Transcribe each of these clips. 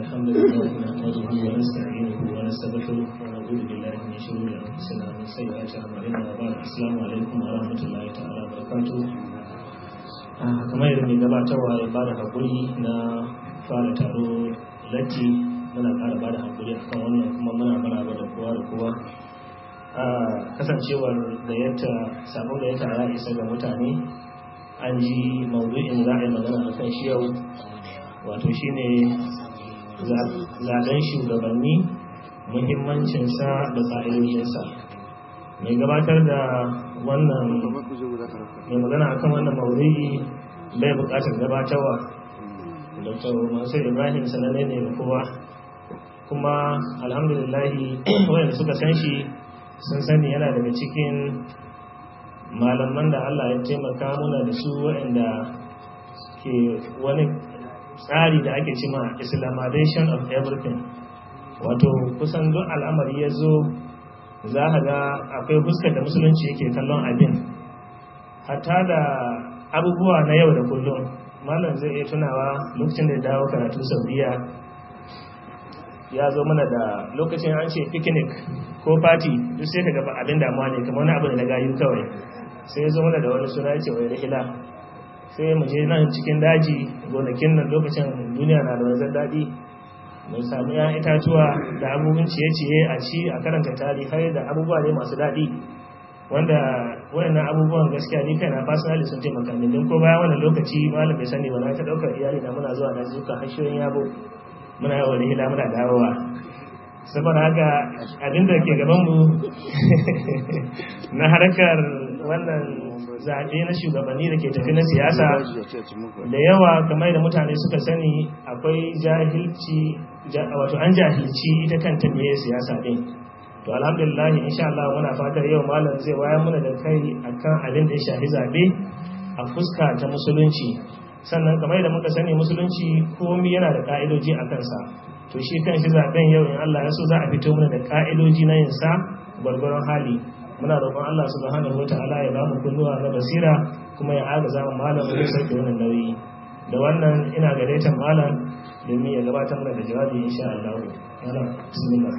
الحمد لله نحمده ونستعينه ونستغفره ونعوذ بالله من شرور انفسنا ومن سيئات اعمالنا وبعد السلام عليكم ورحمه الله تعالى وبركاته kamar yadda mai gabatarwa ya bada hakuri na fara taro latti muna kara bada hakuri akan wannan kuma muna maraba da kowa da kowa kasancewar da sabon da ya isa ga mutane an ji maudu'in za a yi magana a kan shi yau wato shi ne zaɓen shugabanni muhimmancinsa da ƙa'idojinsa mai gabatar da wannan mai magana akan wannan maudu'i bai buƙatar gabatarwa dr masu ibrahim sanane ne kowa kuma alhamdulillahi wayanda suka san shi sun sani yana daga cikin malaman da Allah ya taimaka muna da su waɗanda ke wani tsari da ake cima islamization of everything wato kusan duk al'amari ya zo za a ga akwai fuskar da musulunci yake kallon abin Hata da abubuwa na yau da kullum malam zai iya tunawa lokacin da ya dawo karatu saudiya ya zo mana da lokacin an ce picnic ko party duk sai ka gaba abin damuwa ne kamar wani abu da na gayu kawai sai zo da wani suna ya ce wai rihila sai mu je nan cikin daji gonakin nan lokacin duniya na da wanzan daɗi mu samu ya itatuwa da abubuwan ciye-ciye a ci a karanta tarihai da abubuwa ne masu daɗi wanda wayannan abubuwan gaskiya ni kaina personally sun taimaka min don ko baya wannan lokaci malam bai sani ba na ta daukar iyali na muna zuwa na zuka hashiyoyin yabo muna da hila muna dawowa saboda haka abinda ke gaban mu na harkar wannan zaɓe na shugabanni da ke tafi na siyasa da yawa kamar da mutane suka sani akwai jahilci wato an jahilci ita kanta ne siyasa ɗin to alhamdulillah sha Allah muna fatar yau malam zai wayar muna da kai akan abin da ya shafi zaɓe a fuska ta musulunci sannan kamar da muka sani musulunci komi yana da ka'idoji a kansa to shi kan shi zaɓen yau in Allah ya so za a fito mana da ka'idoji na yinsa gwargwaron hali muna roƙon Allah subhanahu wataala ya ba mu kunnuwa na basira kuma ya agaza mu malam da sauke wannan nauyi da wannan ina gare ta malam domin ya gabatar mana da jawabi insha Allah malam bismillah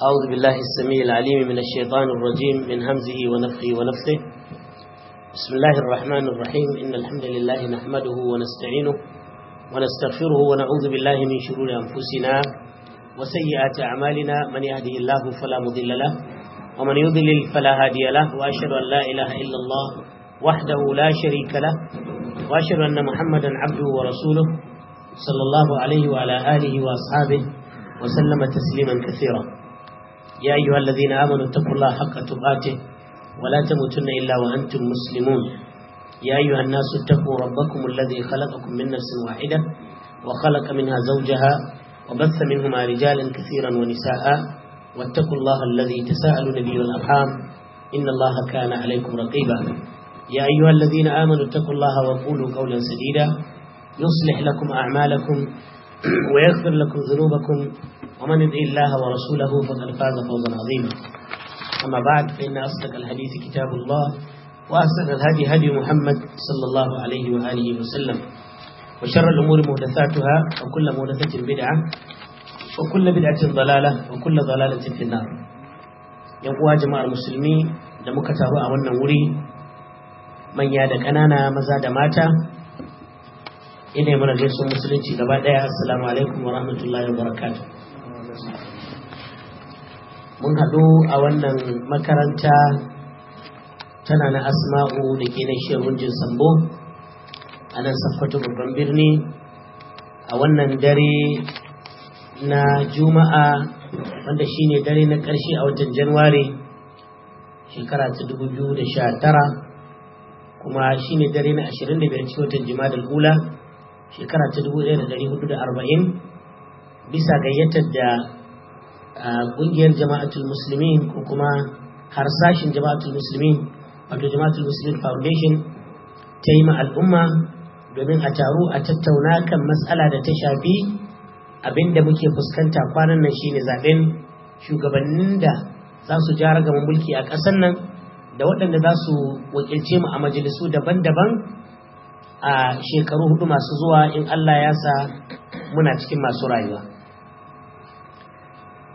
أعوذ بالله السميع العليم من الشيطان الرجيم من همزه ونفخه ونفثه بسم الله الرحمن الرحيم إن الحمد لله نحمده ونستعينه ونستغفره ونعوذ بالله من شرور أنفسنا وسيئات أعمالنا من يهده الله فلا مضل له ومن يضلل فلا هادي له وأشهد أن لا إله إلا الله وحده لا شريك له وأشهد أن محمدا عبده ورسوله صلى الله عليه وعلى آله وأصحابه وسلم تسليما كثيرا يا أيها الذين آمنوا اتقوا الله حق تقاته ولا تموتن إلا وأنتم مسلمون يا أيها الناس اتقوا ربكم الذي خلقكم من نفس واحدة وخلق منها زوجها وبث منهما رجالا كثيرا ونساء واتقوا الله الذي تساءل نبي الأرحام إن الله كان عليكم رقيبا يا أيها الذين آمنوا اتقوا الله وقولوا قولا سديدا يصلح لكم أعمالكم ويغفر لكم ذنوبكم ومن يطع الله ورسوله فقد فاز فوزا عظيما أما بعد فإن أصدق الحديث كتاب الله وأصدق الهدي هدي محمد صلى الله عليه وآله وسلم وشر الأمور محدثاتها وكل محدثة بدعة وكل بدعة ضلالة وكل ضلالة في النار يقوى جماعة المسلمين da muka taru a wannan wuri manya da ƙanana maza da mata ina mana gaisuwar musulunci gaba ɗaya assalamu alaikum wa rahmatullahi wa barakatuh mun haɗu a wannan makaranta tana na asma'u da ke na shehun sambo a nan sakkwato babban birni a wannan dare na juma'a wanda shine dare na ƙarshe a watan januwari shekara ta 2019 kuma shi ne dare na 25 cikin watan jimadar hula shekara ta 1440 bisa gayyatar da ƙungiyar jama'atul musulmin, ko kuma harsashin jama'atul musulmin wato jama'atul musulmin foundation ta yi ma al'umma domin a taru a tattauna kan matsala da ta shafi abin da muke fuskanta kwanan nan shine zaɓen shugabannin da za su ja ragaman mulki a ƙasar nan da waɗanda za su wakilce mu a majalisu daban-daban a shekaru hudu masu zuwa in Allah ya sa muna cikin masu rayuwa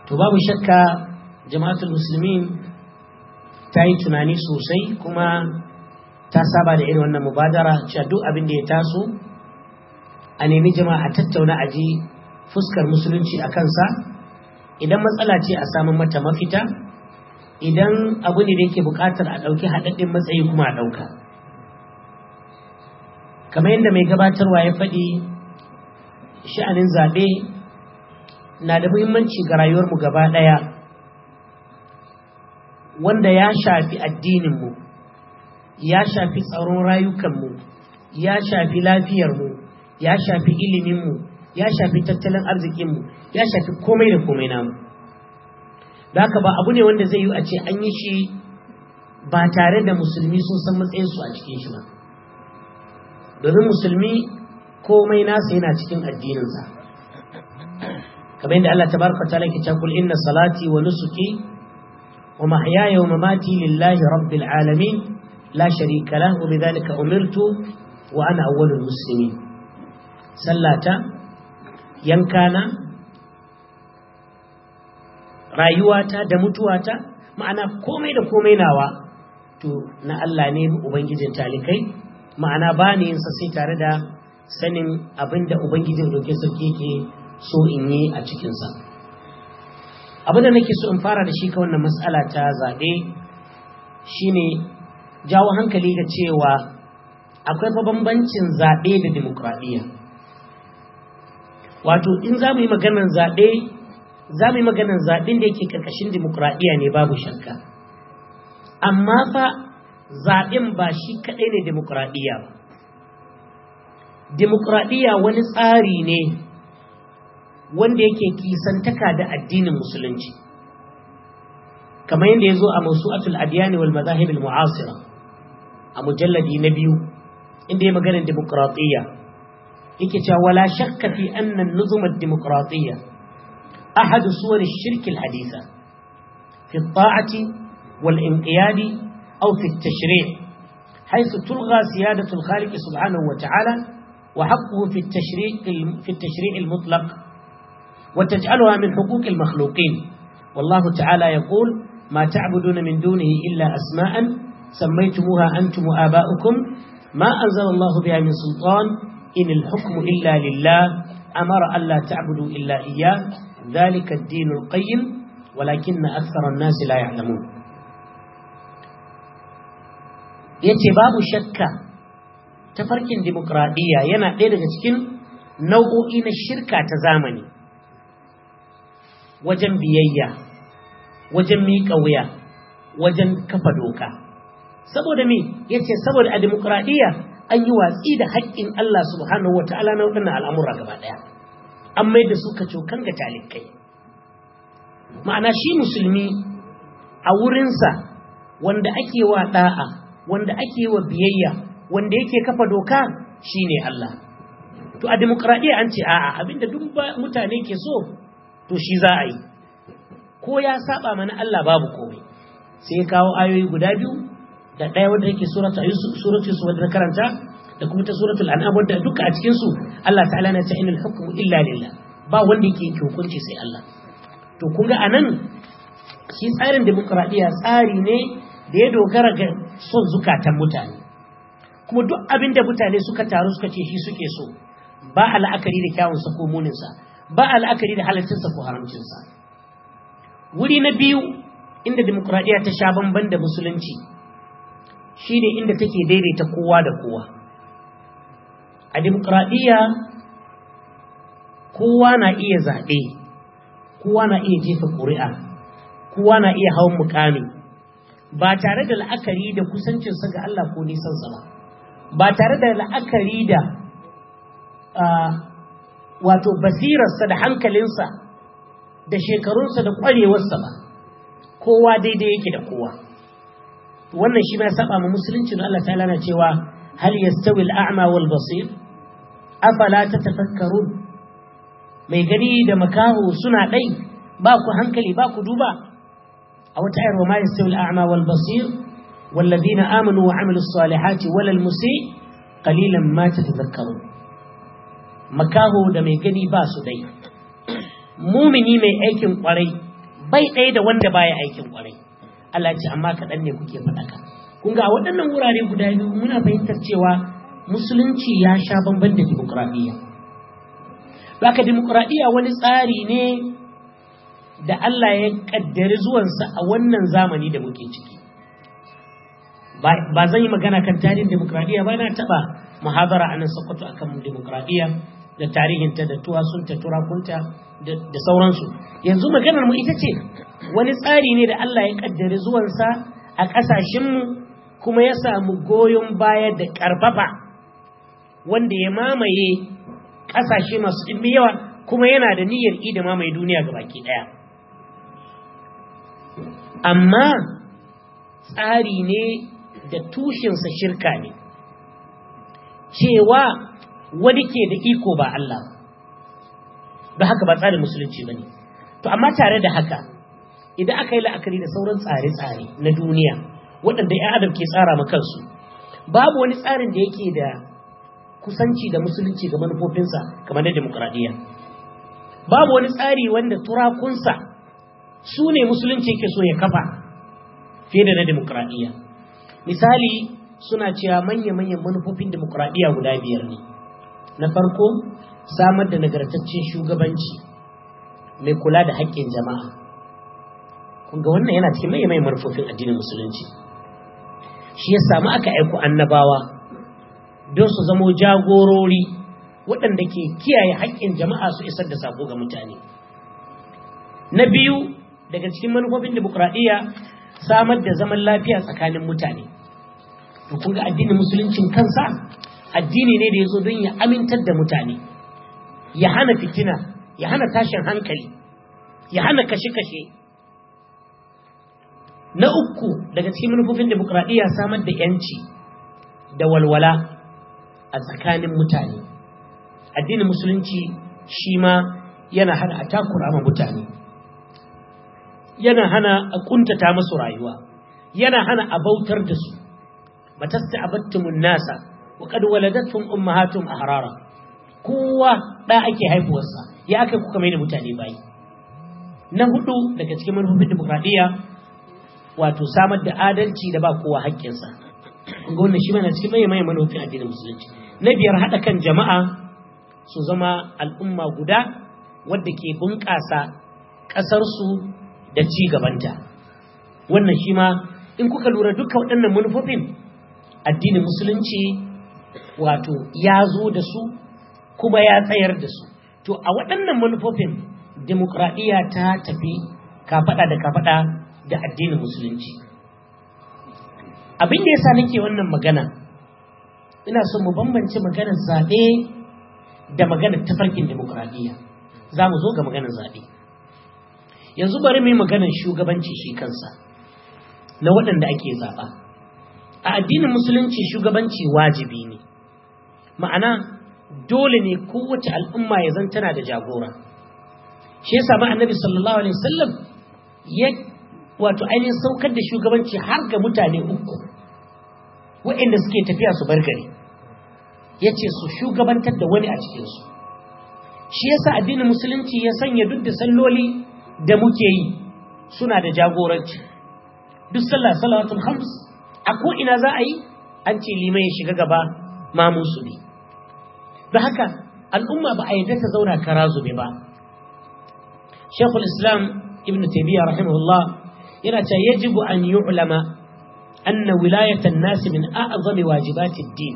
to babu shakka jama'atul musulmin ta yi tunani sosai kuma ta saba da irin wannan mubadara cewa duk abin da ya taso a nemi jama'a a tattauna a ji fuskar musulunci a kansa idan matsala ce a samun mata mafita idan abu ne da yake buƙatar a ɗauki haɗaɗɗen matsayi kuma a ɗauka kamar yadda mai gabatarwa ya faɗi sha'anin zaɓe na da muhimmanci ga rayuwarmu gaba ɗaya wanda ya shafi addininmu ya shafi tsaron rayukanmu ya shafi lafiyarmu ya shafi iliminmu ya shafi tattalin arzikinmu ya shafi komai da komai namu da haka ba abu ne wanda zai yi a ce an yi shi ba tare da musulmi sun san matsayinsu a cikin shi ba domin musulmi komai nasa yana cikin addininsa kamar yadda Allah tabaraka ta'ala ke cakul inna salati wa nusuki wa mahyaya wa mamati lillahi rabbil alamin la sharika la wa bidhalika umirtu wa ana awwalul muslimin sallata yankana rayuwata da mutuwata ma'ana komai da komai nawa to na Allah ne ubangijin talikai ma'ana bani ni yin sai tare da sanin abinda ubangijin roke sarki yake so in yi a cikinsa Abin da nake so in fara da shi ka wannan matsala ta zaɓe shine jawo hankali ga cewa akwai bambancin zaɓe da demokradiyya wato in za mu yi maganar zaɓe za mu yi maganar zaɓen da yake ƙarƙashin demokradiyya ne babu shakka amma fa zaɓen ba shi kaɗai ne demokradiyya ba wani tsari ne wanda yake kisantaka da addinin musulunci kamar yadda ya zo a masu'atul adiyani wal mazahib al mu'asira مجلد نبيو عندما مجال الديمقراطية يكتشى ولا شك في أن النظم الديمقراطية أحد صور الشرك الحديثة في الطاعة والانقياد أو في التشريع حيث تلغى سيادة الخالق سبحانه وتعالى وحقه في التشريع, في التشريع المطلق وتجعلها من حقوق المخلوقين والله تعالى يقول ما تعبدون من دونه إلا أسماءً سميتموها أنتم وآباؤكم ما أنزل الله بها من سلطان إن الحكم إلا لله أمر ألا تعبدوا إلا إياه ذلك الدين القيم ولكن أكثر الناس لا يعلمون yace babu shakka tafarkin dimokuraɗiyya yana ɗaya daga cikin nau'o'i na shirka ta zamani wajen biyayya wajen miƙa wuya wajen kafa doka saboda me yace saboda a demokradiya an yi watsi da haƙƙin Allah subhanahu wataala na waɗannan al'amura gaba ɗaya an mai da su kacokan ga talikai ma'ana shi musulmi a wurinsa wanda ake wa ɗa'a wanda ake wa biyayya wanda yake kafa doka shine Allah to a demokradiya an ce a'a abinda duk mutane ke so to shi za a yi ko ya saba mana Allah babu komai sai ya kawo ayoyi guda biyu da ɗaya wanda yake suratul yusuf suratul yusuf karanta da kuma ta suratul an'am wanda duka a cikin su Allah ta'ala na ta inal hukmu illa lillah ba wanda yake yake hukunci sai Allah to kun ga anan shi tsarin demokradiya tsari ne da ya dogara ga son zukatan mutane kuma duk abin da mutane suka taru suka ce shi suke so ba a la'akari da kyawunsa ko muninsa ba a la'akari da sa ko haramcinsa wuri na biyu inda demokradiya ta sha bamban da musulunci shi ne inda take daidaita kowa da kowa a dimokuraɗiyya kowa na iya zaɓe kowa na iya jefa ƙuri'a kowa na iya hawan mukami ba tare da la'akari da kusancinsa ga Allah ko nisansa ba ba tare da la'akari da wato basirarsa da hankalinsa da shekarunsa da ƙwarewarsa ba kowa daidai yake da kowa wannan shi ma saba ma musulunci Allah ta lana cewa hal yastawi al-a'ma wal basir afala tatafakkarun mai gani da makaho suna dai ba ku hankali ba ku duba a wata ayar wa ma yastawi al-a'ma wal basir والذين آمنوا وعملوا الصالحات ولا المسيء قليلا ما تتذكرون مكاهو da mai gani ba su dai mumini mai aikin kwarai bai ɗaya da wanda baya aikin kwarai Allah ce amma kaɗan ne kuke faɗaka kun ga waɗannan wurare guda biyu muna fahimtar cewa musulunci ya sha bamban da dimokuraɗiyya baka dimokuraɗiyya wani tsari ne da Allah ya ƙaddari zuwansa a wannan zamani da muke ciki ba zan yi magana kan tarihin dimokuraɗiyya ba na taɓa muhabara a nan sokoto akan dimokuraɗiyya da tarihinta da tuwasunta turakunta da sauransu yanzu maganar mu ita ce wani tsari ne da Allah ya kaddare zuwansa a ƙasashenmu kuma ya samu goyon baya da ƙarfafa wanda ya mamaye ƙasashe masu ɗimbi yawa kuma yana da niyyar da mamaye duniya ga baki ɗaya amma tsari ne da tushensa shirka ne cewa wani ke da iko ba Allah don haka ba tsarin musulunci ba ne to amma tare da haka idan aka yi la'akari da sauran tsare-tsare na duniya waɗanda ya adam ke tsara ma kansu babu wani tsarin da yake da kusanci da musulunci ga manufofinsa kamar na demokuraɗiyya babu wani tsari wanda turakunsa su ne musulunci ke so ya kafa fiye da na demokuraɗiyya misali suna cewa manya-manyan manufofin demokuraɗiyya guda biyar ne na farko samar da nagartaccen shugabanci mai kula da haƙƙin jama'a kunga wannan yana cikin mai mai marfofin addinin musulunci shi ya samu aka aiko annabawa don su zamo jagorori waɗanda ke kiyaye haƙƙin jama'a su isar da sako ga mutane na biyu daga cikin manufofin dimokuraɗiyya samar da zaman lafiya tsakanin mutane to kunga addinin musuluncin kansa addini ne da ya zo don ya amintar da mutane ya hana fitina ya hana tashin hankali ya hana kashe-kashe na uku daga cikin manufofin demokuraɗiyya samar da yanci da walwala a tsakanin mutane addinin musulunci shi ma yana hana a takura ma mutane yana hana a kuntata masu rayuwa yana hana a bautar da su matasta abattumun nasa wa qad waladatkum ummahatum ahrara kowa da ake haifuwarsa ya aka kuka mai da mutane bai na hudu daga cikin manufofin demokradiya wato samar da adalci da ba kowa haƙƙinsa ga wannan shi mana cikin mai mai manufofin addinin musulunci na biyar haɗa kan jama'a su zama al'umma guda wadda ke bunƙasa ƙasarsu da ci gabanta wannan shi ma in kuka lura duka waɗannan manufofin addinin musulunci wato ya zo da su kuma ya tsayar da su to a waɗannan manufofin demokradiyya ta tafi kafaɗa da kafaɗa da addinin musulunci abin da ya yasa nake wannan magana ina so mu bambance maganar zaɓe da maganar tafarkin demokradiyya za mu zo ga maganar zaɓe yanzu bari mu yi maganar shugabanci shi kansa na waɗanda ake zaɓa a addinin musulunci shugabanci wajibi ne ma'ana dole ne kowace al'umma ya zan tana da jagora shi yasa ma annabi sallallahu alaihi wasallam ya wato ainihin saukar da shugabanci har ga mutane uku waɗanda suke tafiya su bar gari ya ce su shugabantar da wani a cikinsu shi yasa addinin musulunci ya sanya duk da salloli da muke yi suna da jagoranci duk sallah salawatul hams a ko'ina za a yi an ce limai ya shiga gaba ma ne da haka al'umma ba a yadda ta zauna kara zube ba shekul islam ibn taimiyya rahimahullah yana cewa yajibu an ulama anna wilayatan nasi min a'zami wajibatid din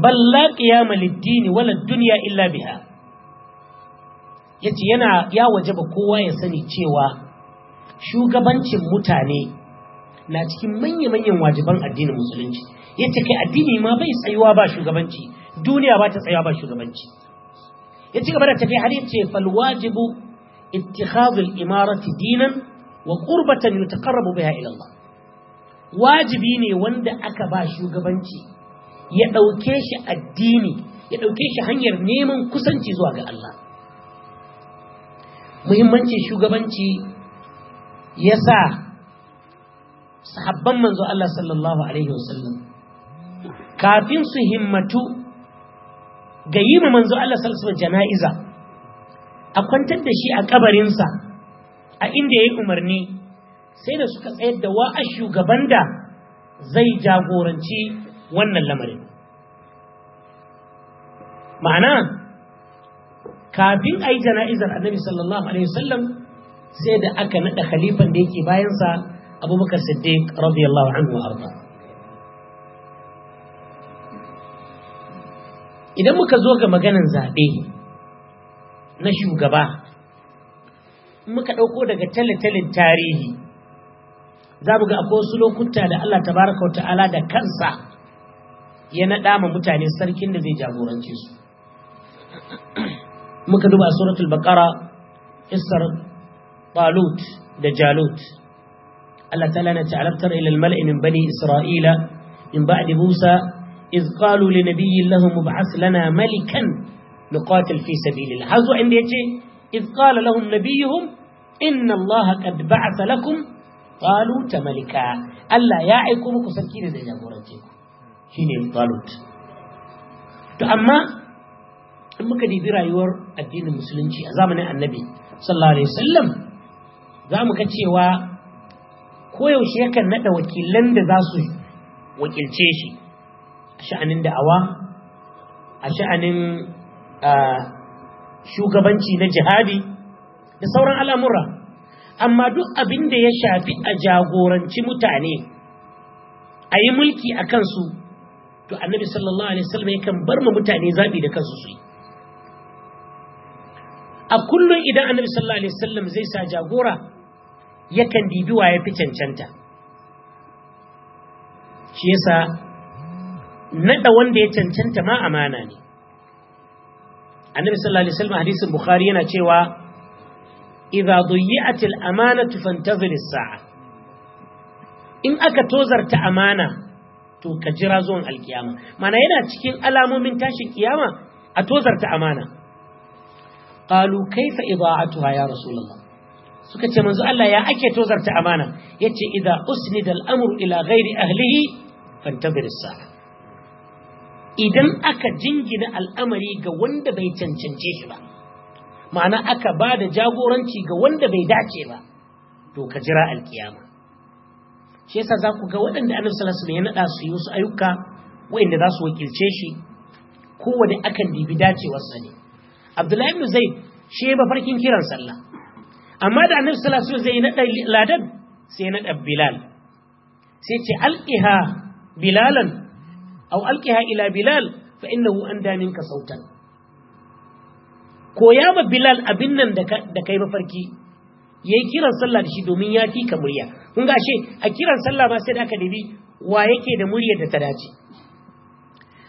bal la qiyama lid-din wala dunya illa biha yace yana ya wajaba kowa ya sani cewa shugabancin mutane na cikin manya-manyan wajiban addinin musulunci yace kai addini ma bai tsayuwa ba shugabanci duniya ba ta tsayuwa ba shugabanci ya ci gaba da tafi har yace fal wajibu ittikhadhu al imarati dinan wa qurbatan yutaqarrabu biha ila Allah wajibi ne wanda aka ba shugabanci ya dauke shi addini ya dauke shi hanyar neman kusanci zuwa ga Allah muhimmancin shugabanci yasa sahabban manzo Allah sallallahu alaihi wasallam kafin su himmatu ga yi ma manzo Allah sallallahu jana'iza a kwantar da shi a kabarinsa a inda ya yi umarni sai da suka tsayar da wa'a shugaban da zai jagoranci wannan lamarin ma'ana kafin a yi jana'izar annabi sallallahu alaihi wasallam sai da aka naɗa khalifan da yake bayansa abubakar siddiq radiyallahu anhu arda idan muka zo ga maganin zaɓe na shugaba muka ɗauko daga talitalin tarihi za mu ga akwai wasu lokuta da Allah tabaraka wa ta'ala da kansa ya naɗa ma mutane sarkin da zai jagorance su muka duba a suratul baqara isar talut da jalut Allah ta'ala na ta'alabtar ila al-mala'i min bani isra'ila in ba'di musa iz qalu li nabiyyin lahum mub'as lana malikan nuqatil fi sabilillah hazo inda yace iz qala lahum nabiyuhum inna allaha qad ba'atha lakum talut malika Allah ya aiko muku sarki da zai jagorance shine talut to amma in muka dibi rayuwar addinin musulunci a zamanin annabi sallallahu alaihi za mu ga cewa koyaushe yakan naɗa wakilan da za su wakilce shi sha'anin da'awa a sha'anin shugabanci na jihadi da sauran al'amura amma duk abin da ya shafi a jagoranci mutane a yi mulki a kansu to annabi sallallahu alaihi wasallam kan bar ma mutane zabi da kansu su a kullum idan annabi sallallahu alaihi wasallam zai sa jagora yakan dibi waye fi cancanta shi yasa nada wanda ya cancanta ma amana ne annabi sallallahu alaihi wasallam hadisin bukhari yana cewa idza duyyi'at al-amanatu fantazir as-sa'a in aka tozarta amana to ka jira zuwan alkiyama mana yana cikin alamomin tashin kiyama a tozarta amana qalu kaifa ida'atuha ya rasulullah suka ce manzo Allah ya ake tozarta amana yace idza usnida al-amru ila ghairi ahlihi fantazir as-sa'a idan aka jingina al'amari ga wanda bai cancance shi ba ma'ana aka ba da jagoranci ga wanda bai dace ba to ka jira alkiyama shi yasa za ku ga waɗanda annabi sallallahu alaihi wasallam ya naɗa su yi wasu ayyuka waɗanda za su wakilce shi wani akan dibi sa ne abdullahi ibn zaid shi ya mafarkin kiran sallah amma da annabi sallallahu alaihi wasallam zai naɗa ladan sai ya naɗa bilal sai ce alqiha bilalan Au alqiha ila bilal fa innahu anda ka sautan koya ma bilal abin nan da kai mafarki yayi kiran sallah da shi domin ya fi ka murya kun ashe a kiran sallah ma sai da aka dibi wa yake da muryar da ta dace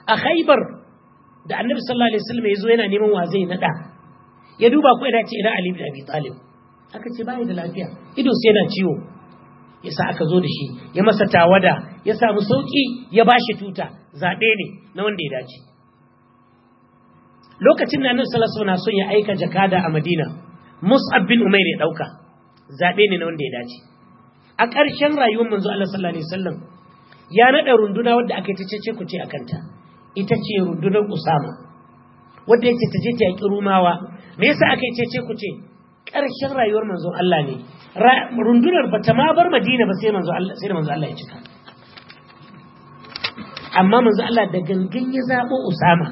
a khaybar da annabi sallallahu alaihi wasallam yazo yana neman wazai zai nada ya duba ko ya dace ina ali bin abi aka ce bai da lafiya ido sai yana ciwo ya sa aka zo da shi ya masa tawada ya samu sauki ya ba shi tuta zaɓe ne na wanda ya dace lokacin da annabi sallallahu alaihi son ya aika jakada a madina mus'ab bin umair ya dauka zaɓe ne na wanda ya dace a ƙarshen rayuwar manzo Allah sallallahu alaihi wasallam ya naɗa runduna wadda aka ta cece ku ce a kanta ita ce rundunar usama wadda yake ta je ta yaƙi rumawa me yasa aka yi cece ku ce ƙarshen rayuwar manzo Allah ne rundunar ba ta ma bar madina ba sai manzo Allah ya cika amma manzo Allah da gangan ya zaɓo usama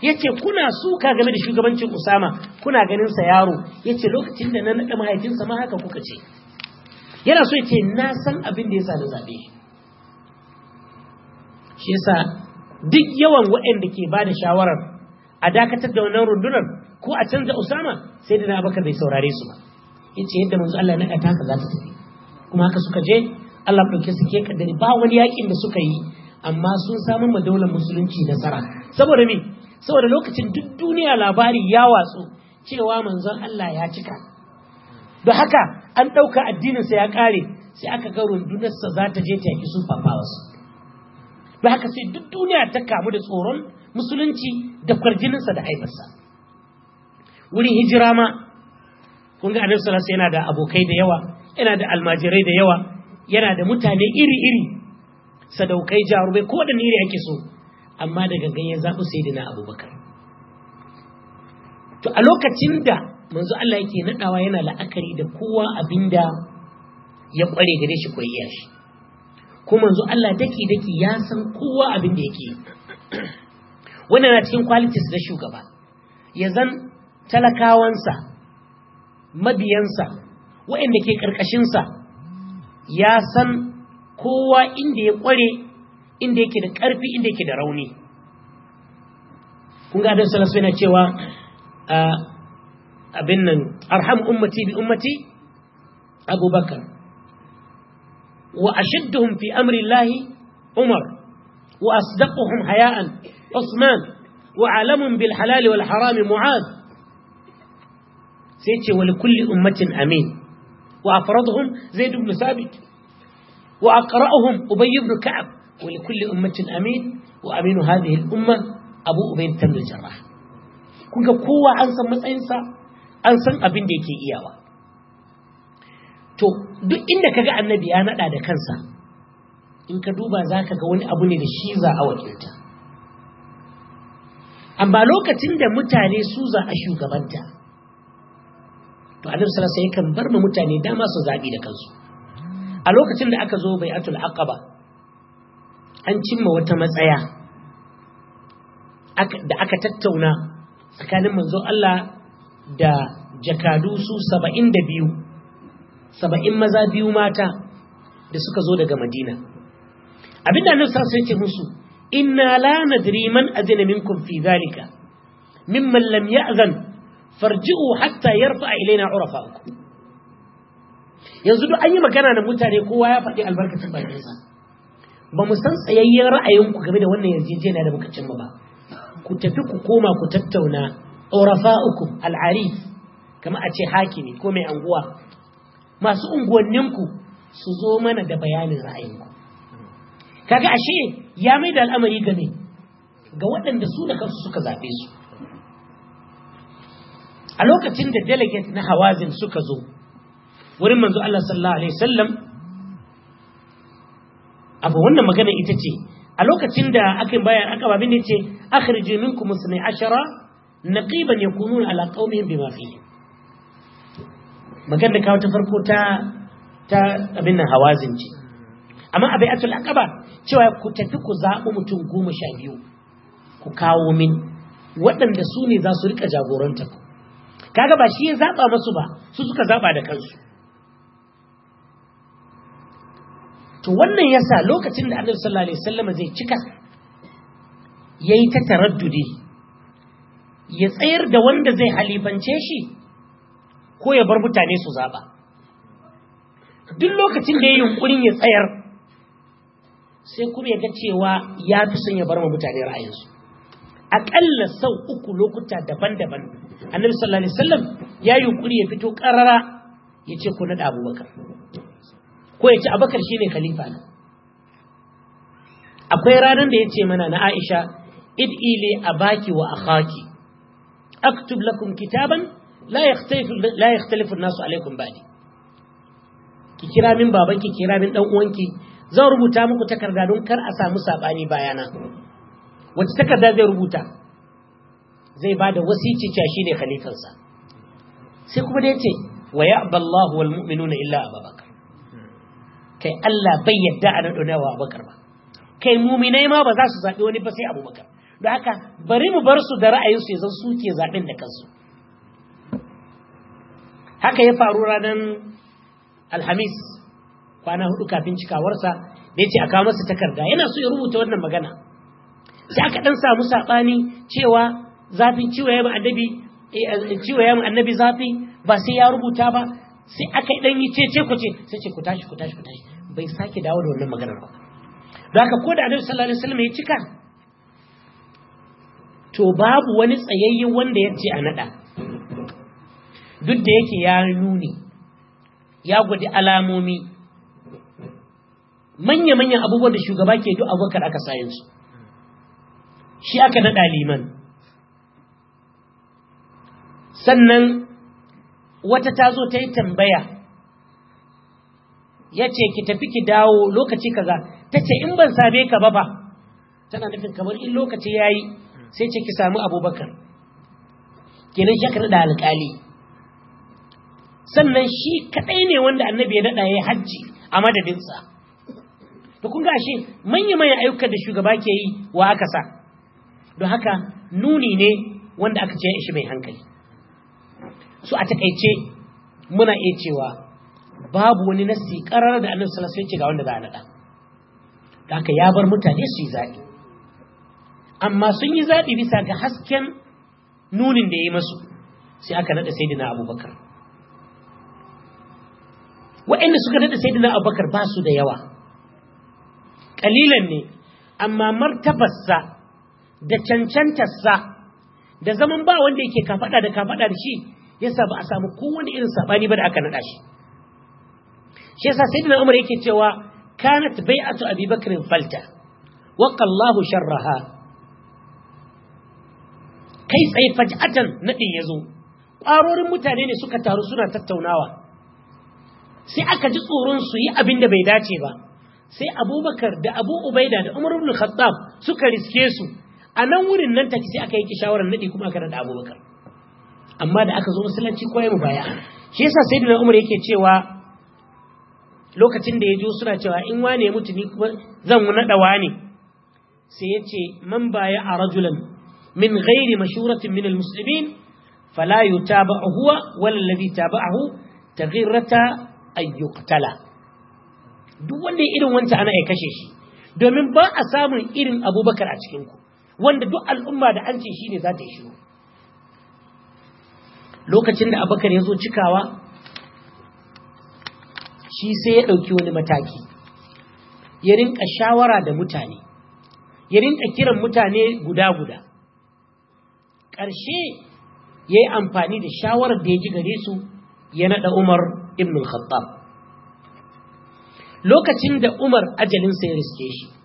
yace kuna suka game da shugabancin usama kuna ganin sa yaro yace lokacin da na naɗa mahaifinsa ma haka kuka ce yana so yace na san abin da ya sa na zaɓe shi yasa duk yawan waɗanda ke bada da shawarar a dakatar da wannan rundunar ko a canza usama sai da na abakar bai saurare su ba yace yadda manzo Allah na ta za ta tafi kuma haka suka je Allah ɗauke su ke kaddari ba wani yakin da suka yi amma sun samu ma daular musulunci nasara saboda me saboda lokacin duk duniya labari ya watsu cewa manzon Allah ya cika da haka an ɗauka sa ya kare sai aka ga rundunarsa za ta je ta yaki su fafawas don haka sai duk duniya ta kamu da tsoron musulunci da kwarjininsa da haifarsa wurin hijira ma kun ga annabi sallallahu alaihi yana da abokai da yawa yana da almajirai da yawa yana da mutane iri iri sadaukai jarumai, ko da niri ake so amma da gangan ya zaɓi sayyidina abubakar to a lokacin da manzo Allah yake naɗawa yana la'akari da kowa abinda ya kware gare shi ko shi kuma manzo Allah daki daki ya san kowa abinda yake wannan na cikin qualities da shugaba ya zan talakawansa mabiyansa waɗanda ke ƙarƙashinsa ya san kowa inda ya ƙware inda yake da ƙarfi inda yake da rauni kun ga gadon salasu yana cewa abin nan arham ummati bi ummati abubakar wa ashidduhum fi amri lahi umar wa asdaquhum haya'an usman wa alamun bil halali wal harami mu'ad sai ce wani kulli ummatin amin wa afraduhum zaid ibn sabit wa aqra'uhum ubay ibn ka'ab wa li kulli ummatin amin wa aminu hadhihi al-umma abu ubay ibn jarrah ga kowa an san matsayinsa an san abin da yake iyawa to duk inda kaga annabi ya nada da kansa in ka duba zaka ga wani abu ne da shi za a wakilta amma lokacin da mutane su za a shugabanta to annabi sallallahu alaihi wasallam yakan bar ma mutane dama su zabi da kansu a lokacin da aka zo bai'atul aqaba an cimma wata matsaya da aka tattauna tsakanin manzo Allah da jakadu su 72 70 maza biyu mata da suka zo daga Madina abinda annabi sallallahu alaihi wasallam ya ce musu inna la nadri man azina minkum fi zalika mimman lam ya'zan farji'u hatta yarfa ilaina uku. yanzu duk an yi magana da mutane kowa ya faɗi albarkacin bakinsa ba mu san tsayayyen ra'ayinku game da wannan yarjejeniya da muka cimma ba ku tafi ku koma ku tattauna urafa'ukum al'arif kamar a ce hakimi ko mai anguwa masu unguwanninku su zo mana da bayanin ra'ayinku kaga ashe ya mai da al'amari game ga waɗanda su da kansu suka zaɓe su a lokacin da delegate na hawazin suka zo wurin manzo Allah sallallahu alaihi wasallam abu wannan magana ita ce a lokacin da aka bayar aka babin da ce akhrij minkum 12 naqiban yakunun ala qaumihim bima fi magana da kawo ta farko ta ta abin nan hawazin ce amma abai atul aqaba cewa ku tafi ku zaɓi mutum goma sha biyu ku kawo min waɗanda su ne za su rika jagoranta kaga ba shi ya zaba musu ba su suka zaba da kansu to wannan yasa lokacin da Annabi sallallahu alaihi wasallam zai cika yayi ta taraddudi ya tsayar da wanda zai halifance shi ko ya bar mutane su zaba duk lokacin da ya yunkurin ya tsayar sai kuma ya ga cewa ya fi son ya bar mutane ra'ayinsu aƙalla sau uku lokuta daban-daban annabi sallallahu alaihi wasallam ya yi yunkuri ya fito ƙarara ya ce ku naɗa abubakar ko ya ce abubakar shi ne khalifa na akwai ranar da ya ce mana na aisha id'i li abaki wa akhaki aktub lakum kitaban la yakhtalifu an-nasu alaikum ba'di ki kira min babanki ki kira min dan uwanki zan rubuta muku takarda don kar a samu sabani bayana wata takarda zai rubuta zai ba da wasici cewa shine khalifansa sai kuma da yace wa ya'ba Allah wal mu'minuna illa Abubakar kai Allah bai yadda a nada wa Abubakar ba kai mu'minai ma ba za su zabi wani ba sai Abubakar Da haka bari mu bar su da ra'ayin su yanzu su ke zaɓin da kansu haka ya faru ranar alhamis kwana hudu kafin cikawarsa da ya ce a kawo masa takarda yana so ya rubuta wannan magana Za aka dan samu sabani cewa zafin ciwo ya annabi eh, ciwo ya annabi zafi ba sai ya rubuta ba sai aka dan yi ce-ce ku ce sai ce ku tashi ku tashi ku tashi bai sake dawo da wannan maganar ba don haka ko da annabi sallallahu alaihi wasallam ya cika to babu wani tsayayyen wanda ya ce a nada duk da yake ya nuni ya gudi alamomi manya-manyan abubuwan da shugaba ke duk abubakar aka sayansu shi aka daɗa liman sannan wata ta zo ta yi tambaya ya ce ki tafi ki dawo lokaci kaza ta ce in ban same ka ba ba tana nufin kamar in lokaci ya yi sai ce ki samu abubakar kenan shi aka da alƙali sannan shi kaɗai ne wanda annabi ya daɗa ya hajji a madadinsa to kun ga ashe manya ayyukan da shugaba ke yi wa aka sa don haka nuni ne wanda aka ce ishi mai hankali su a takaice muna iya cewa babu wani nasi karar da annabi sallallahu alaihi ga wanda za a nada don haka ya bar mutane su yi zaɓi amma sun yi zaɓi bisa ga hasken nunin da ya yi masu sai aka nada sayyidina abubakar wa'anda suka nada sayyidina abubakar ba su da yawa kalilan ne amma martabarsa da cancantarsa da zaman ba wanda yake kafaɗa da kafaɗa da shi yasa ba a samu kowane irin saɓani ba da aka naɗa shi shi yasa sai umar yake cewa kanat bai'atu abi bakrin falta wa qallahu sharraha kai sai faj'atan naɗin ya zo ƙwarorin mutane ne suka taru suna tattaunawa sai aka ji tsoron su yi abin da bai dace ba sai abubakar da abu ubaida da umar ibn khattab suka riske su a nan wurin nan take sai aka yi shawarar nadi kuma aka nada abubakar amma da aka zo musulunci koyar mu baya shi yasa sayyidina umar yake cewa lokacin da ya jo suna cewa in wane mutu ni kuma zan nada wane sai ya ce man baya a rajulan min ghairi mashuratin min almuslimin fala yutaba'u huwa wala alladhi taba'ahu taghirrata ayyuqtala duk wanda ya irin wanta ana ya kashe shi domin ba a samun irin abubakar a cikinku wanda duk al'umma da an ce shi ne za ta yi lokacin da abakar ya zo cikawa shi sai ya ɗauki wani mataki ya rinka shawara da mutane ya rinka kiran mutane guda-guda ƙarshe ya yi amfani da shawarar da ya ji gare su ya naɗa umar ibn khattab lokacin da umar ajalinsa ya riske shi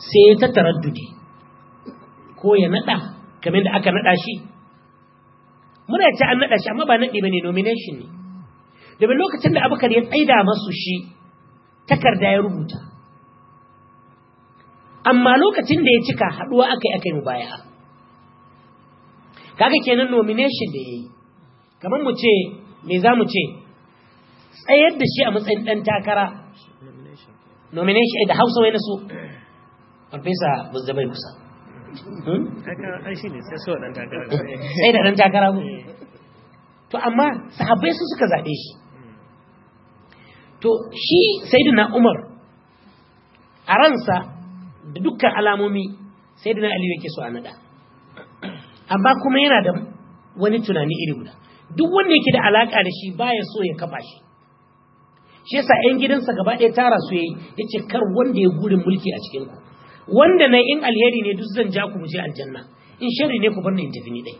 sai ta taraddudi ko ya nada kamar da aka nada shi muna ce an nada shi amma ba nade bane nomination ne daga lokacin da abukar ya tsaida masu shi takarda ya rubuta amma lokacin da ya cika haduwa akai akai mu baya kaga kenan nomination da yayi kamar mu ce me za mu ce tsayar da shi a matsayin ɗan takara nomination da hausa wai na farfesa buzda bai kusa hmm? sai da ɗan takara mu to amma suka zaɓe shi to shi sayyidina umar a ransa da dukkan alamomi da aliyu yake so a naɗa amma kuma yana da wani tunani iri guda duk wanda yake da alaƙa da shi ba ya so ya kafa shi shi yasa 'yan gidansa gaba ɗaya tara su yayi yace kar wanda ya gurin mulki a cikin ku wanda na in alheri ne duk zan ja ku muje je aljanna in sharri ne ku bar ni in tafi ni dai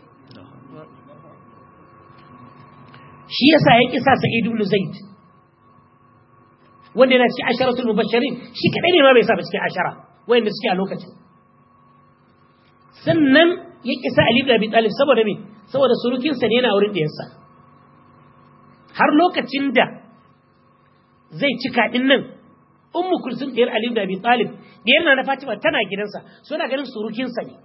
shi yasa ya kisa sa'id ibn zaid wanda yana cikin asharatul mubashirin shi kadai ne ma bai sa ba cikin ashara wayanda suke a lokacin sannan ya kisa ali ibn abi talib saboda me saboda surukin sa ne yana wurin da yasa har lokacin da zai cika din nan ummu kulsum diyar ali da abi talib diyar na fatima tana gidansa suna ganin surukin sa ne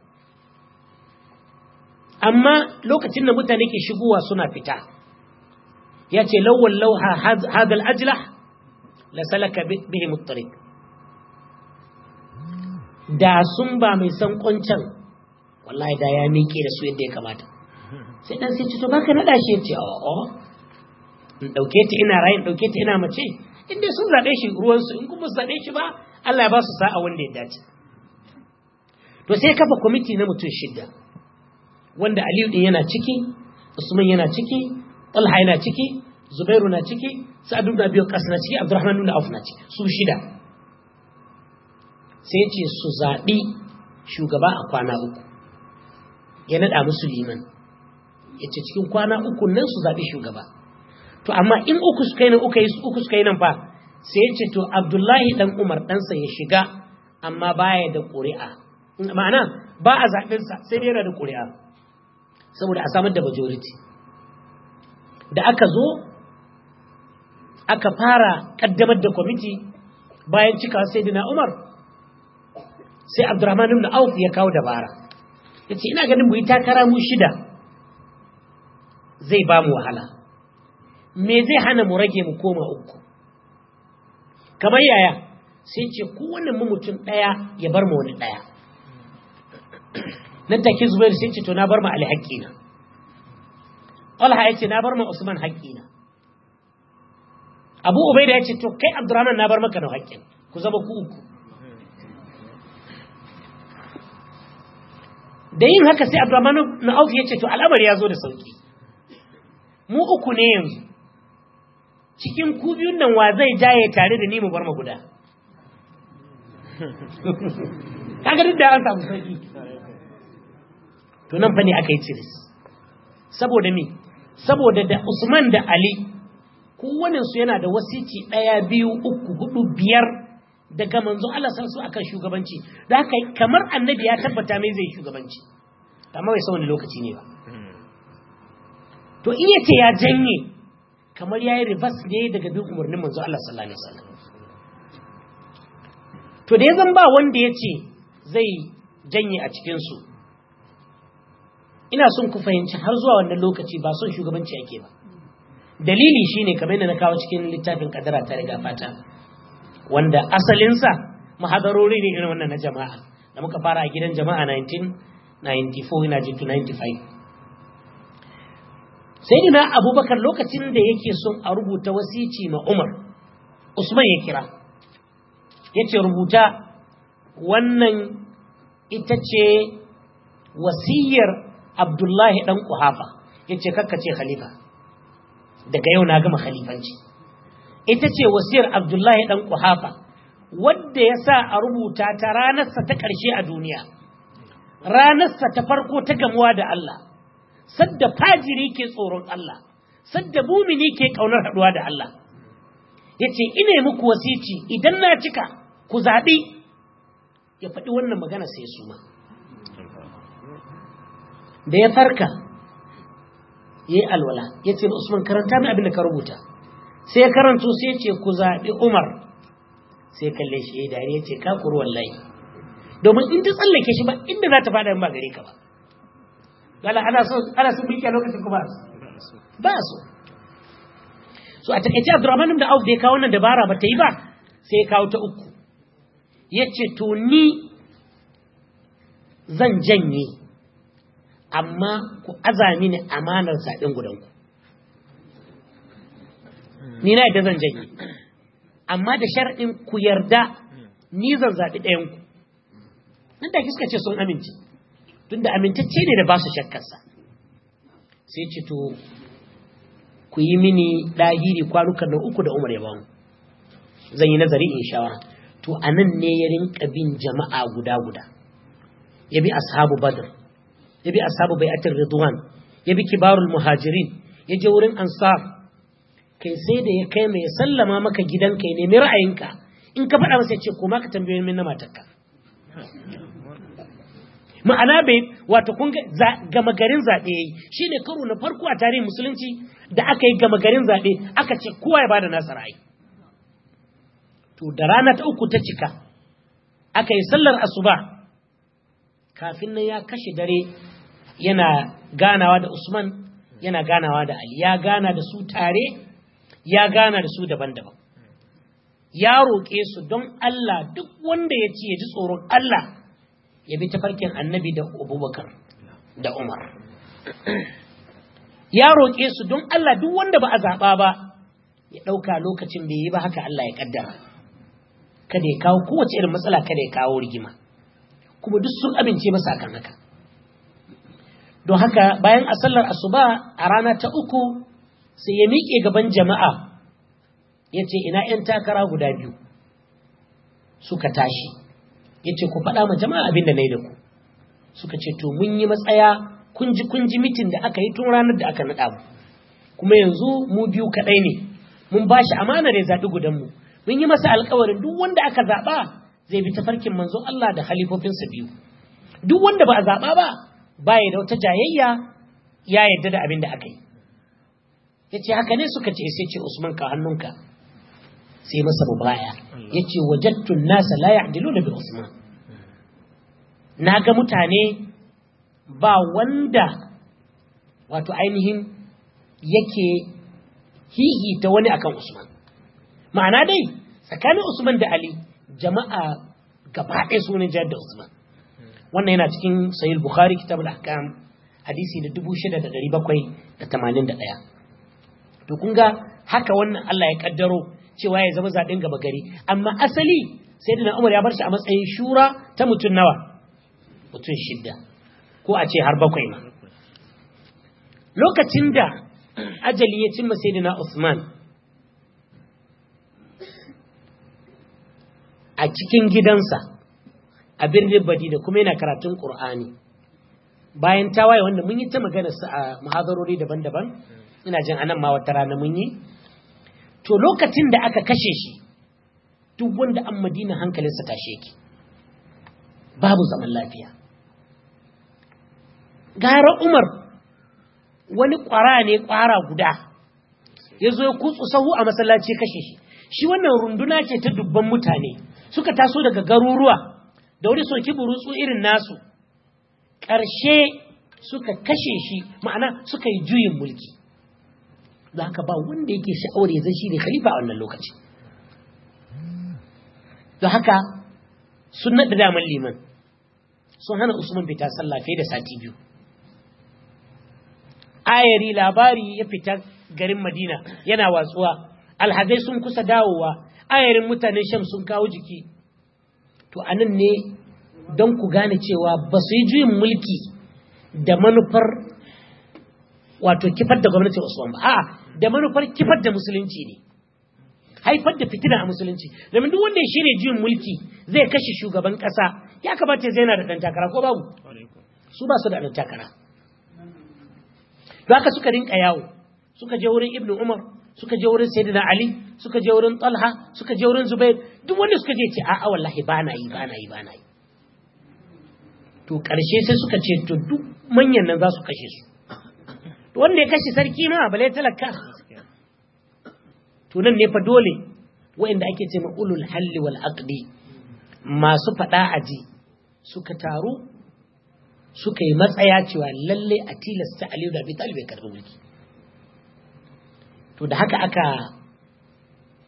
amma lokacin da mutane ke shigowa suna fita ya ce lawal lauha al ajlah la salaka bihi at da sun ba mai san kwancan wallahi da ya miƙe da su yadda ya kamata sai dan sai ci to baka nada shi ya ce a'a in dauke ta ina rayin dauke ta ina mace in dai sun zaɓe shi ruwansu in kuma su zaɓe shi ba Allah ya ba su sa'a wanda ya dace to sai kafa kwamiti na mutum shida wanda Aliyu ɗin yana ciki Usman yana ciki Talha yana ciki Zubairu na ciki Sa'ad ibn Abi Waqqas na ciki Abdurrahman ibn Auf na ciki su shida sai ce su zaɓi shugaba a kwana uku ya naɗa musu liman ya ce cikin kwana uku nan su zaɓi shugaba to amma in uku suka yi nan uka yi uku suka yi nan fa sai ya ce to Abdullahi dan Umar ɗansa ya shiga amma baya da ƙuri'a ma'ana ba a zaɓen sa sai dai yana da ƙuri'a saboda a samar da majority da aka zo aka fara kaddamar da kwamiti bayan cika sai dina Umar sai Abdurrahman ibn Auf ya kawo dabara yace ina ganin mu yi takara mu shida zai ba mu wahala me zai hana mu rage mu koma uku kamar yaya sai ce kowane mu mutum ɗaya ya bar mu wani ɗaya nan take zubair sai ce to na bar mu ali haƙƙina Talha ya ce na bar mu Usman haƙƙina Abu Ubaida ya ce to kai Abdurrahman na bar maka na haƙƙin ku zama ku uku da yin haka sai Abdurrahman na auki ya ce to al'amari ya zo da sauki mu uku ne yanzu cikin ku biyun nan wa zai jaye tare da ni mu bar mu guda kaga duk da an samu sauki to nan fa ne aka yi ciris saboda me saboda da Usman da Ali kowannen su yana da wasici ɗaya biyu uku hudu biyar daga manzo Allah san su akan shugabanci da haka kamar annabi ya tabbata mai zai shugabanci amma bai san wani lokaci ne ba hmm. to in yace ya janye kamar ya yi reverse ne daga duk umarnin manzo Allah sallallahu alaihi wasallam to da zan ba wanda ya ce zai janye a cikin su ina son ku fahimci har zuwa wannan lokaci ba son shugabanci yake ba dalili shine kamar yadda na kawo cikin littafin kadara ta riga fata wanda asalin sa mahadarori ne irin wannan na jama'a da muka fara a gidan jama'a 1994 ina jin 95 sai na abubakar lokacin da yake son a rubuta wasici ma umar usman ya kira ya ce rubuta wannan ita ce wasiyar abdullahi ɗan ƙuhafa ya ce ce khalifa daga yau na gama khalifanci ita ce wasiyar abdullahi ɗan ƙuhafa wadda ya sa a rubuta ta ranarsa ta ƙarshe a duniya ranarsa ta farko ta gamuwa da Allah sadda fajiri ke tsoron Allah sadda bumini ke ƙaunar haɗuwa da Allah yace ina muku wasici idan na cika ku zabi ya faɗi wannan magana sai su ma da ya farka yayi alwala yace Usman karanta min abin da ka rubuta sai ya karanto sai ya ce ku zabi Umar sai kalle shi yayi dariya ce ka kuru wallahi domin in ta tsallake shi ba inda za ta fada ba gare ka ba Gala ana so ana so a lokacin kuma ba so. So a takaice Abdurrahman da Auf ya kawo da dabara ba ta yi ba sai ya kawo ta uku. Yace to ni zan janye amma ku aza mini amanar zaɓen gudanku. Ni na yadda zan janye. Amma da shar'in ku yarda ni zan zaɓi ɗayanku. Nan da suka ce sun amince. tunda amintacce ne da ba su shakkarsa sai ce to ku yi mini ɗahiri kwanukan na uku da umar ya bamu zan yi nazari in shawara to a nan ne ya rinka bin jama'a guda guda ya bi ashabu badr ya bi ashabu bai'atul ridwan ya bi kibarul muhajirin ya je wurin ansar kai sai da ya kai mai sallama maka gidanka ya nemi ra'ayinka in ka faɗa masa ya ce koma ka tambayoyin min na matarka ma'ana bai wato kun gama garin zaɓe yayi shine karo na farko a tarihin musulunci da aka yi gama garin zaɓe aka ce kowa ya bada nasara ai to da rana ta uku ta cika aka yi sallar asuba kafin nan ya kashe dare yana ganawa da Usman yana ganawa da Ali ya gana da su tare ya gana da su daban-daban ya roƙe su don Allah duk wanda ya ci ya ji tsoron Allah ya bi tafarkin annabi da abubakar da umar ya roƙe su don Allah duk wanda ba a zaɓa ba ya ɗauka lokacin bai yi ba haka Allah ya ƙaddara kada ya kawo kowace irin matsala kada ya kawo rigima kuma duk sun amince masa kan haka don haka bayan a sallar asuba a rana ta uku sai ya miƙe gaban jama'a ya ce ina ‘yan takara guda biyu suka tashi yace ku faɗa ma jama'a abin da nayi da ku suka ce to mun yi matsaya kun ji kun ji mitin da aka yi tun ranar da aka naɗa mu kuma yanzu mu biyu kaɗai ne mun ba shi amana da ya zaɓi mu mun yi masa alkawarin duk wanda aka zaɓa zai bi tafarkin manzon Allah da halifofinsa biyu duk wanda ba a zaɓa ba ba ya da wata jayayya ya yarda da abin da aka yi Yace haka ne suka ce sai ce Usman ka hannunka sai masa mubaya yace ce an-nasa la ya'diluna da Usman Na ga mutane ba wanda wato ainihin yake hihi ta wani akan Usman ma'ana dai tsakanin Usman da Ali jama'a gaba ɗaya sunan jihar da Usman wannan yana cikin sahih Bukhari kitab al-ahkam hadisi na 6781 to kun ga haka wannan Allah ya kaddaro cewa ya zama zaɓen gaba gari amma asali sai da umar ya bar shi a matsayin shura ta mutum nawa mutum shidda ko a ce har bakwai ma lokacin da ajali ya cimma sai da usman a cikin gidansa a birnin da kuma yana karatun ƙur'ani bayan tawaye wanda mun yi ta magana a muhazarori daban-daban ina jin anan ma wata rana mun yi to lokacin da aka kashe shi duk wanda an madina hankalinsa tashe ki babu zaman lafiya gara umar wani kwara ne kwara guda ya zo ya kutsu sahu a masallaci kashe shi shi wannan runduna ce ta dubban mutane suka taso daga garuruwa da wani soki burutsu irin nasu ƙarshe suka kashe shi ma'ana suka yi juyin mulki Za ka ba wanda yake sha'awar ya zai shi ne khalifa a wannan lokaci da haka sun naɗa daman liman sun hana usman fita sallah fiye da sati biyu ayari labari ya fita garin madina yana watsuwa alhazai sun kusa dawowa ayarin mutanen sham sun kawo jiki to anan ne don ku gane cewa ba su yi juyin mulki da manufar wato kifar da gwamnati Usman ba a'a da manufar kifar da musulunci ne haifar da fitina a musulunci domin duk wanda ya shirya juyin mulki zai kashe shugaban kasa ya kamata zai na da dan takara ko babu su ba su da dan takara haka suka rinka yawo suka je wurin ibnu umar suka je wurin sayyidina ali suka je wurin talha suka je wurin zubair duk wanda suka je ce a'a wallahi ba na yi ba na yi ba na yi to ƙarshe sai suka ce to duk manyan nan za su kashe su to wanda ya kashi sarki ma lai talaka to nan ne fa dole waɗanda ake ce ma ulul halli wal aqdi masu fada aji suka taru suka yi matsaya cewa lalle a tilasta Aliyu da Abi bai mulki to da haka aka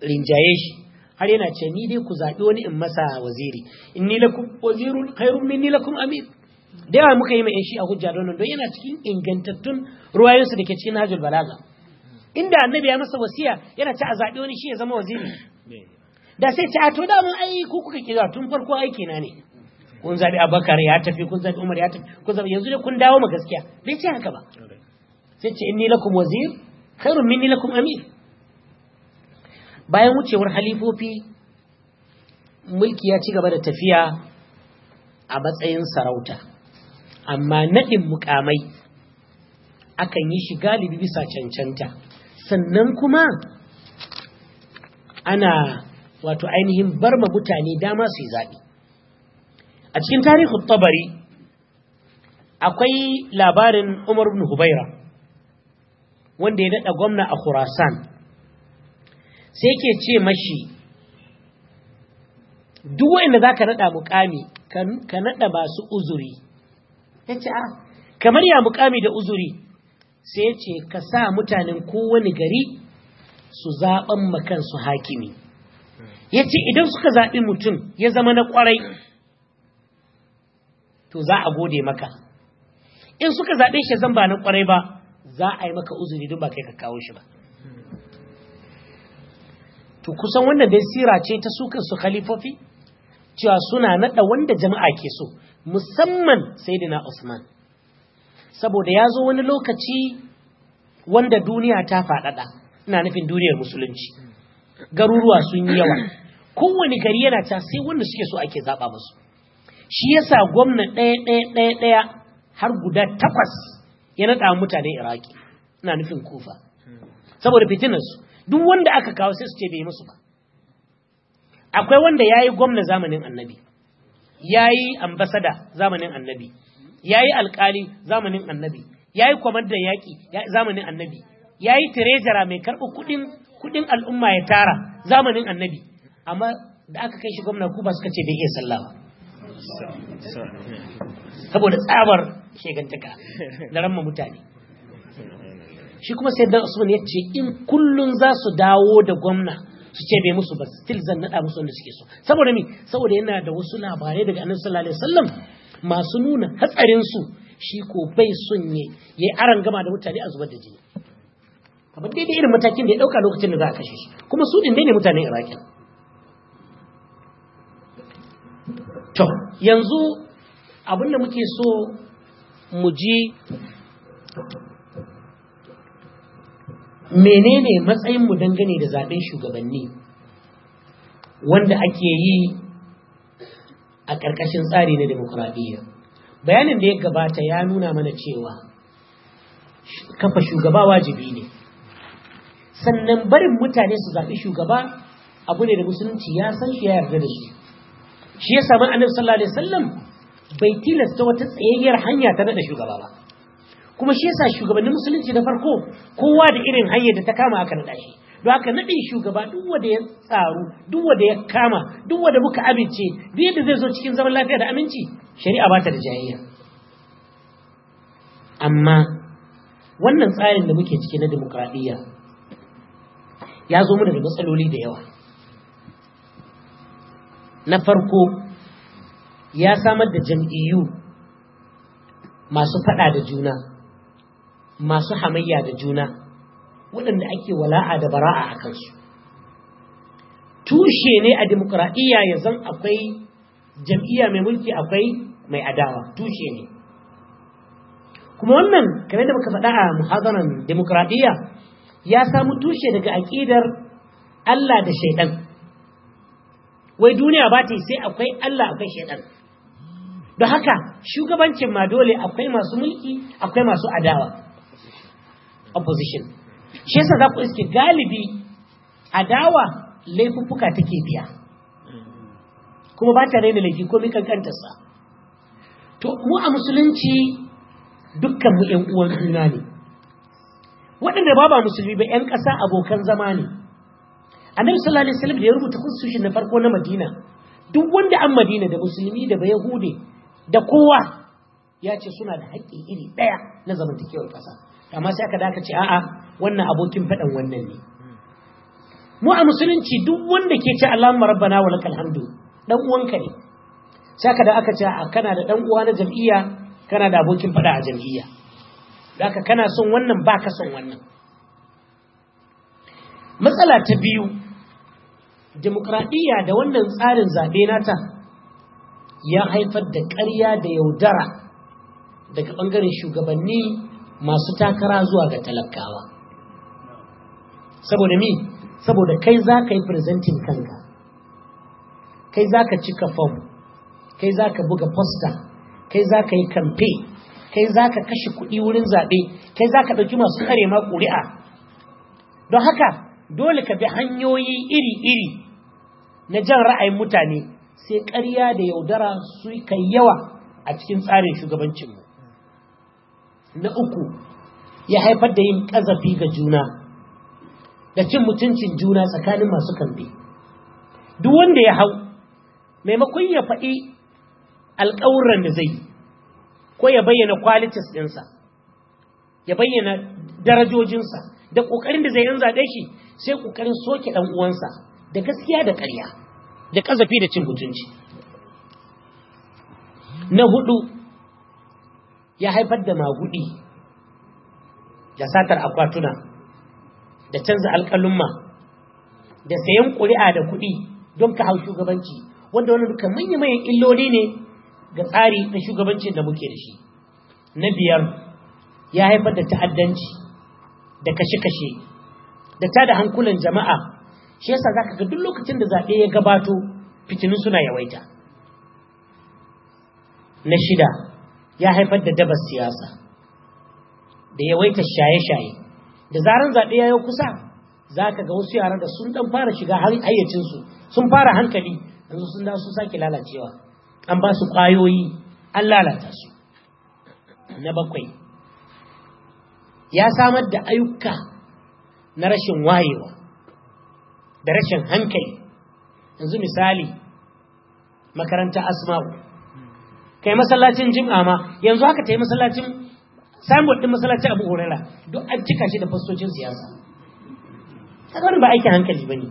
rinjaye shi har yana ce ni dai ku zaɓi wani in masa waziri inni lakum wazirun khairun minni lakum amir da yawa muka yi ma shi a hujja don don yana cikin ingantattun ruwayensu da ke cikin hajjul balaga inda annabi ya masa wasiya yana ci a zaɓi wani shi ya zama waziri da sai ta ato to daman ai ko kuka kira tun farko aiki na ne kun zaɓi abakar ya tafi kun zaɓi umar ya tafi kun zaɓi yanzu ne kun dawo ma gaskiya bai ce haka ba sai ce inni lakum wazir khairun minni lakum amir bayan wucewar halifofi mulki ya ci gaba da tafiya a matsayin sarauta amma naɗin mukamai akan yi shi galibi bisa cancanta sannan kuma ana wato ainihin bar ma mutane dama su yi zaɓi a cikin tarihin tabari akwai labarin umar bin hubaira wanda ya daɗa gwamna a khurasan sai ke ce mashi duk wanda za ka naɗa mukami ka naɗa masu uzuri ya ce a ah. kamar ya mukami da uzuri sai ya ce ka sa mutanen kowane gari su zaɓen makansu hakimi ya idan suka zaɓi mutum ya zama na ƙwarai to za a gode maka in suka zaɓe shi zan ba na kwarai ba za a yi maka uzuri don ba kai ka kawo shi ba to kusan wannan bai sirace ce ta su khalifofi cewa suna naɗa wanda jama'a ke so musamman Sayyidina Usman saboda ya zo wani lokaci wanda duniya ta faɗaɗa ina nufin duniyar musulunci garuruwa sun yi yawa kowane gari yana ta sai wanda suke so ake zaɓa musu shi yasa gwamna ɗaya ɗaya ɗaya ɗaya har guda takwas ya naɗa mutane iraki ina nufin kufa saboda su, duk wanda aka kawo sai su ce bai musu ba akwai wanda ya yi gwamna zamanin annabi yayi ambasada zamanin annabi yayi alkali zamanin annabi yayi kwamandan yaki zamanin annabi yayi treasurer mai karɓo kuɗin kudin al'umma ya tara zamanin annabi amma da aka kai shi gwamna ba suka ce bai iya sallah saboda tsabar shegantaka da ramma mutane shi kuma sai dan usman ya ce in kullun za su dawo da gwamna su ce bai musu ba still zan nada musu wanda suke so saboda mi saboda yana da wasu labarai daga annabi sallallahu alaihi wasallam masu nuna hatsarin su shi ko bai son ya yi aran gama da mutane a zubar da jini kamar dai irin matakin da ya dauka lokacin da za a kashe shi kuma su din ne mutanen iraki to yanzu abin muke so mu ji menene matsayinmu dangane da zaben shugabanni wanda ake yi a ƙarƙashin tsari na demokuraɗiyya bayanin da ya gabata ya nuna mana cewa kafa shugaba wajibi ne sannan barin mutane su zaɓi shugaba abu ne da musulunci ya san shi ya yarda da shi shi ya sami annabi sallallahu alaihi wasallam bai tilasta wata tsayayyar hanya ta naɗa shugaba ba kuma shi yasa shugabannin musulunci na farko kowa da irin hanyar da ta kama aka naɗa shi don haka naɗin shugaba duk wanda ya tsaru duk wanda ya kama duk wanda muka amince duk yadda zai zo cikin zaman lafiya da aminci shari'a ba ta da jayayya amma wannan tsarin da muke ciki na demokradiyya ya zo mana da matsaloli da yawa na farko ya samar da jam'iyyu masu faɗa da juna masu hamayya da juna waɗanda ake wala'a da bara'a a kansu tushe ne a demokuraɗiyya ya zan akwai jam'iyya mai mulki akwai mai adawa tushe ne kuma wannan kamar da muka faɗa a muhazanar demokuraɗiyya ya samu tushe daga aƙidar Allah da shaiɗan wai duniya ba ta sai akwai Allah akwai shaiɗan da haka shugabancin ma dole akwai masu mulki akwai masu adawa opposition shi yasa zaku iske galibi adawa laifuffuka take biya kuma ba ta raina laifi komai kankantarsa to mu a musulunci dukkan mu ƴan uwan juna ne waɗanda ba ba musulmi ba ƴan ƙasa abokan zama ne annabi sallallahu alaihi wasallam da ya rubuta constitution na farko na Madina duk wanda an Madina da musulmi da bayahude da kowa ya ce suna da haƙƙi iri ɗaya na zamantakewar ƙasa amma sai aka daka ce a'a wannan abokin faɗan wannan ne mu a musulunci duk wanda ke ce Allahumma rabbana wa lakal hamdu dan uwanka ne sai aka da aka ce a kana da dan uwa na jam'iyya kana da abokin faɗa a jam'iyya haka kana son wannan baka son wannan matsala ta biyu demokradiyya da wannan tsarin zabe nata ya haifar da ƙarya da yaudara daga ɓangaren shugabanni masu takara zuwa ga talakawa saboda mi saboda kai za ka yi firzantin kanka kai za ka cika fom kai za ka buga fosta, kai za ka yi kamfe kai za ka kashe kuɗi wurin zaɓe kai za ka ɗauki masu kare ma ƙuri'a don haka dole ka bi hanyoyi iri-iri na jan ra'ayin mutane sai ƙarya da yaudara su kai yawa a cikin tsarin shugabancinmu na uku ya haifar da yin ƙazafi ga juna da cin mutuncin juna tsakanin masu kambe duk wanda ya hau maimakon ya faɗi alƙawuran da zai yi ko ya bayyana kwalitis ɗinsa ya bayyana darajojinsa da ƙoƙarin da zai yin zaɗe shi sai ƙoƙarin soke ɗan uwansa da gaskiya da ƙarya da ƙazafi da cin mutunci na hudu ya haifar da magudi da satar akwatuna da canza alƙalumma da sayan ƙuri'a da kuɗi don ka hau shugabanci wanda wani duka manya-manyan illoli ne ga tsari na shugabancin da muke da shi na biyar ya haifar da ta'addanci da kashe-kashe da ta da hankulan jama'a shi yasa ka ga duk lokacin da zaɓe ya gabato fitinin suna yawaita na shida ya haifar da dabar siyasa da yawaita shaye-shaye da zaren zaɓe ya yi kusa za ka ga wasu yaran da sun ɗan fara shiga hayyacinsu sun fara hankali yanzu sun da su sake lalacewa an ba su ƙwayoyi an lalata su na bakwai ya samar da ayyuka na rashin wayewa da rashin hankali yanzu misali makaranta asma'u kai masallacin jim'a ma yanzu haka ta yi masallacin signboard ɗin masallacin abu horera don an cika shi da fastocin siyasa kaga wani ba aikin hankali ba ne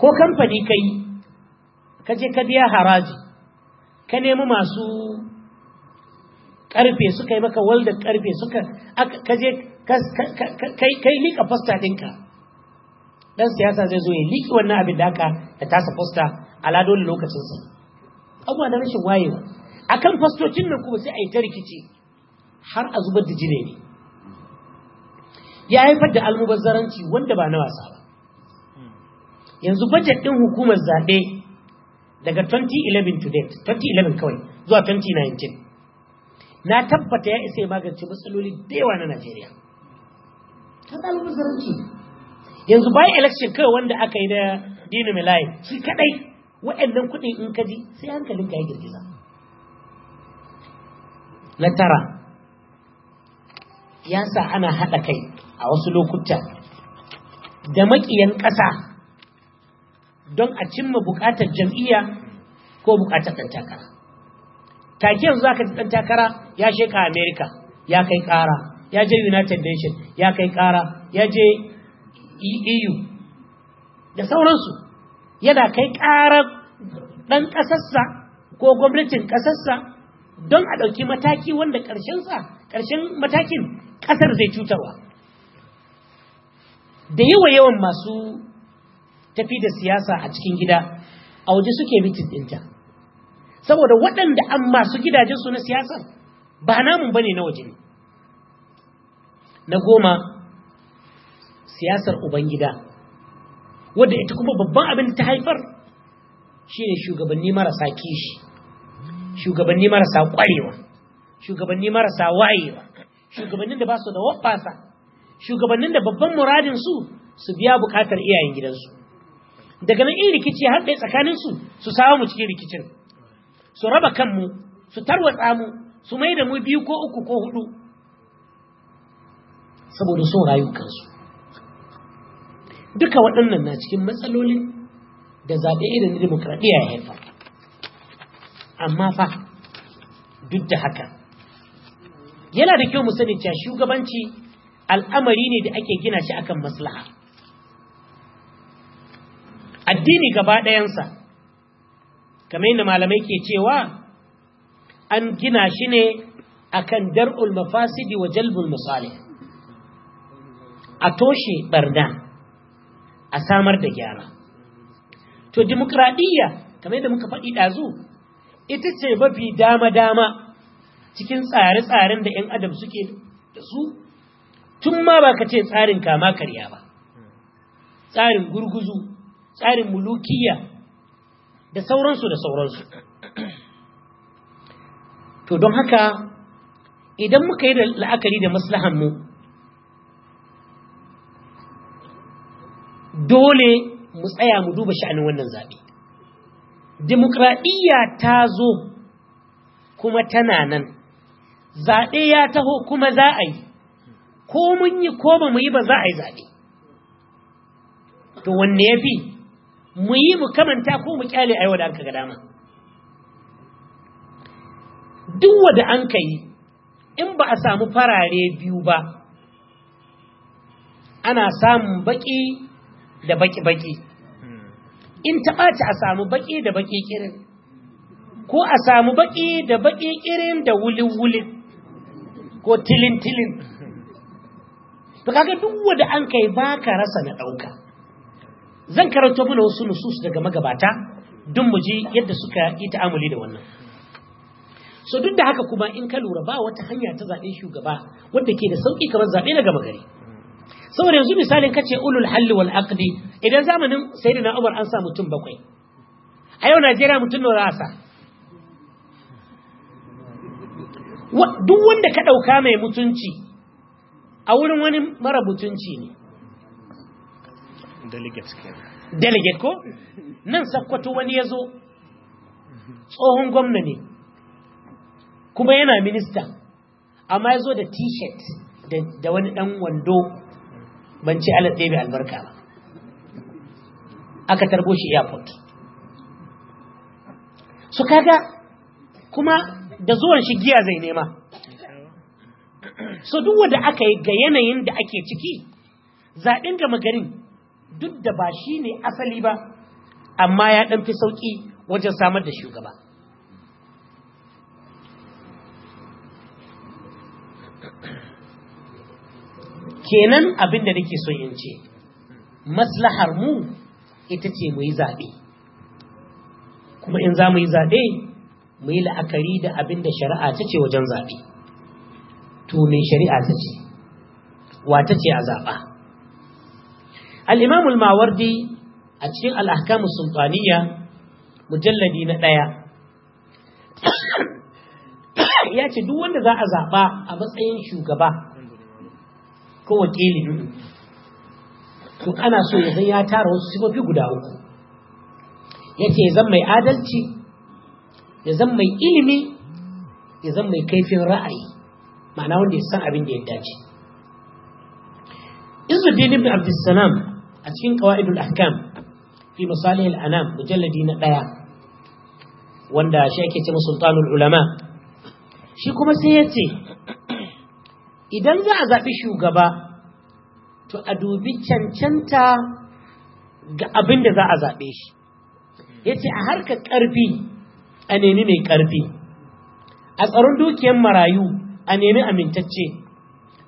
ko kamfani kai ka ka biya haraji ka nemi masu karfe suka yi maka walda karfe suka ka je kai liƙa fasta ɗinka ɗan siyasa zai zo ya liƙi wannan abin da aka da tasa fasta ala dole lokacinsa abuwa na rashin wayewa akan fastocin nan kuma sai a yi ta rikici har a zubar da jine ne ya haifar da almubazzaranci wanda ba na wasa ba yanzu budget din hukumar zaɓe daga 2011 to date 2011 kawai zuwa 2019 na tabbata ya isa magance matsaloli da yawa na Najeriya kan almubazzaranci yanzu bayan election kawai wanda aka yi da Dino Melaye shi kadai wa'annan kuɗin in ka ji sai hankalinka ya girgiza na tara ya sa ana haɗa kai a wasu lokuta da maƙiyan ƙasa don a cimma buƙatar jam'iyya ko buƙatar ɗan takara take yanzu za ka ji ɗan takara ya sheka amerika ya kai ƙara ya je united nations ya kai ƙara ya je eu e da sauransu yana kai ƙarar ɗan ƙasarsa ko gwamnatin ƙasarsa don a ɗauki mataki wanda ƙarshen matakin ƙasar zai cutarwa da yawa yawan masu tafi da siyasa a cikin gida a waje suke mitin ɗinta saboda waɗanda an masu gidajensu na siyasa ba namun ne na waje na goma siyasar ubangida wadda ita kuma babban abin ta haifar shine shugabanni marasa kishi shugabanni marasa kwarewa shugabanni marasa wayewa shugabannin da ba su da wafasa shugabannin da babban muradin su su biya bukatar iyayen gidansu daga nan irin rikici har ɗaya tsakanin su su mu cikin rikicin su raba kanmu su tarwatsa mu su mai da mu biyu ko uku ko hudu saboda son rayu kansu duka waɗannan na cikin matsalolin da zaɓe irin na ya haifa amma fa duk da haka yana da kyau mu cewa shugabanci al'amari ne da ake gina shi akan maslaha addini gaba ɗayansa kamar yadda malamai ke cewa an gina shi ne akan dar'ul mafasidi wa jalbul musali a toshe barna a samar da gyara to demokradiyya kamar yadda muka faɗi ɗazu ita ce mafi dama-dama cikin tsare-tsaren da 'yan adam suke da su tun ma ba ka ce tsarin kama karya ba tsarin gurguzu tsarin mulukiya da sauransu da sauransu to don haka idan muka yi da la'akari da maslahanmu dole mu tsaya mu duba sha'anin wannan zabe. demokradiyya ta zo kuma tana nan zaɓe ya taho kuma za a yi ko mun yi ko ba mu yi ba za a yi zaɓe to wanne ya fi mu yi mu kamanta ko mu kyale a da ka ga dama duk wanda an ka in ba a samu farare biyu ba ana samun baƙi da baki-baki hmm. in ta ɓata a samu baki da baki kirin ko a samu baki da baki kirin da wulin-wulin ko tilin-tilin to kaga duk wanda an kai baka rasa na ɗauka zan karanto mana wasu nusus daga magabata don mu ji yadda suka yi ta'amuli da wannan so duk da haka kuma in ka lura ba wata hanya ta zaɓen shugaba wadda ke da sauƙi kamar zaɓe na gama gari saboda yanzu misalin kace ulul halli wal aqdi idan zamanin sayyidina Umar an sa mutum bakwai a yau Najeriya mutum nawa za duk wanda ka dauka mai mutunci a wurin wani mara mutunci ne delegate delegate ko nan sakkwato wani yazo tsohon gwamna ne kuma yana minista amma yazo da t-shirt da wani dan wando ban ci Allah ɗebe albarka ba aka tarbo shi airport su kaga kuma da zuwan shi giya zai nema so duk wanda aka yi ga yanayin da ake ciki zaɓin gama garin duk da ba shi ne asali ba amma ya ɗan fi sauƙi wajen samar da shugaba kenan abin da nake so in ce maslahar mu ita ce mu yi zaɓe kuma in za mu yi zaɓe mu yi la'akari da abin da shari'a ta ce wajen zaɓe to me shari'a ta ce wata ce a zaɓa al'imamul mawardi a cikin al'ahkamus sultaniya mujalladi na ɗaya ya ce duk wanda za a zaɓa a matsayin shugaba ko wakili to ana so ya ya tara wasu sifofi guda uku yace ya zan mai adalci ya zan mai ilimi ya zan mai kaifin ra'ayi ma'ana wanda ya san abin da ya dace Izzuddin ibn Abdussalam a cikin qawaidul ahkam fi masalih al-anam mujalladi na daya wanda shi ake ce musultanul ulama shi kuma sai yace idan za a zaɓi shugaba to a dubi cancanta ga abin da za a zaɓe shi ya ce a harka ƙarfi a nemi mai ƙarfi a tsaron dukiyar marayu a nemi amintacce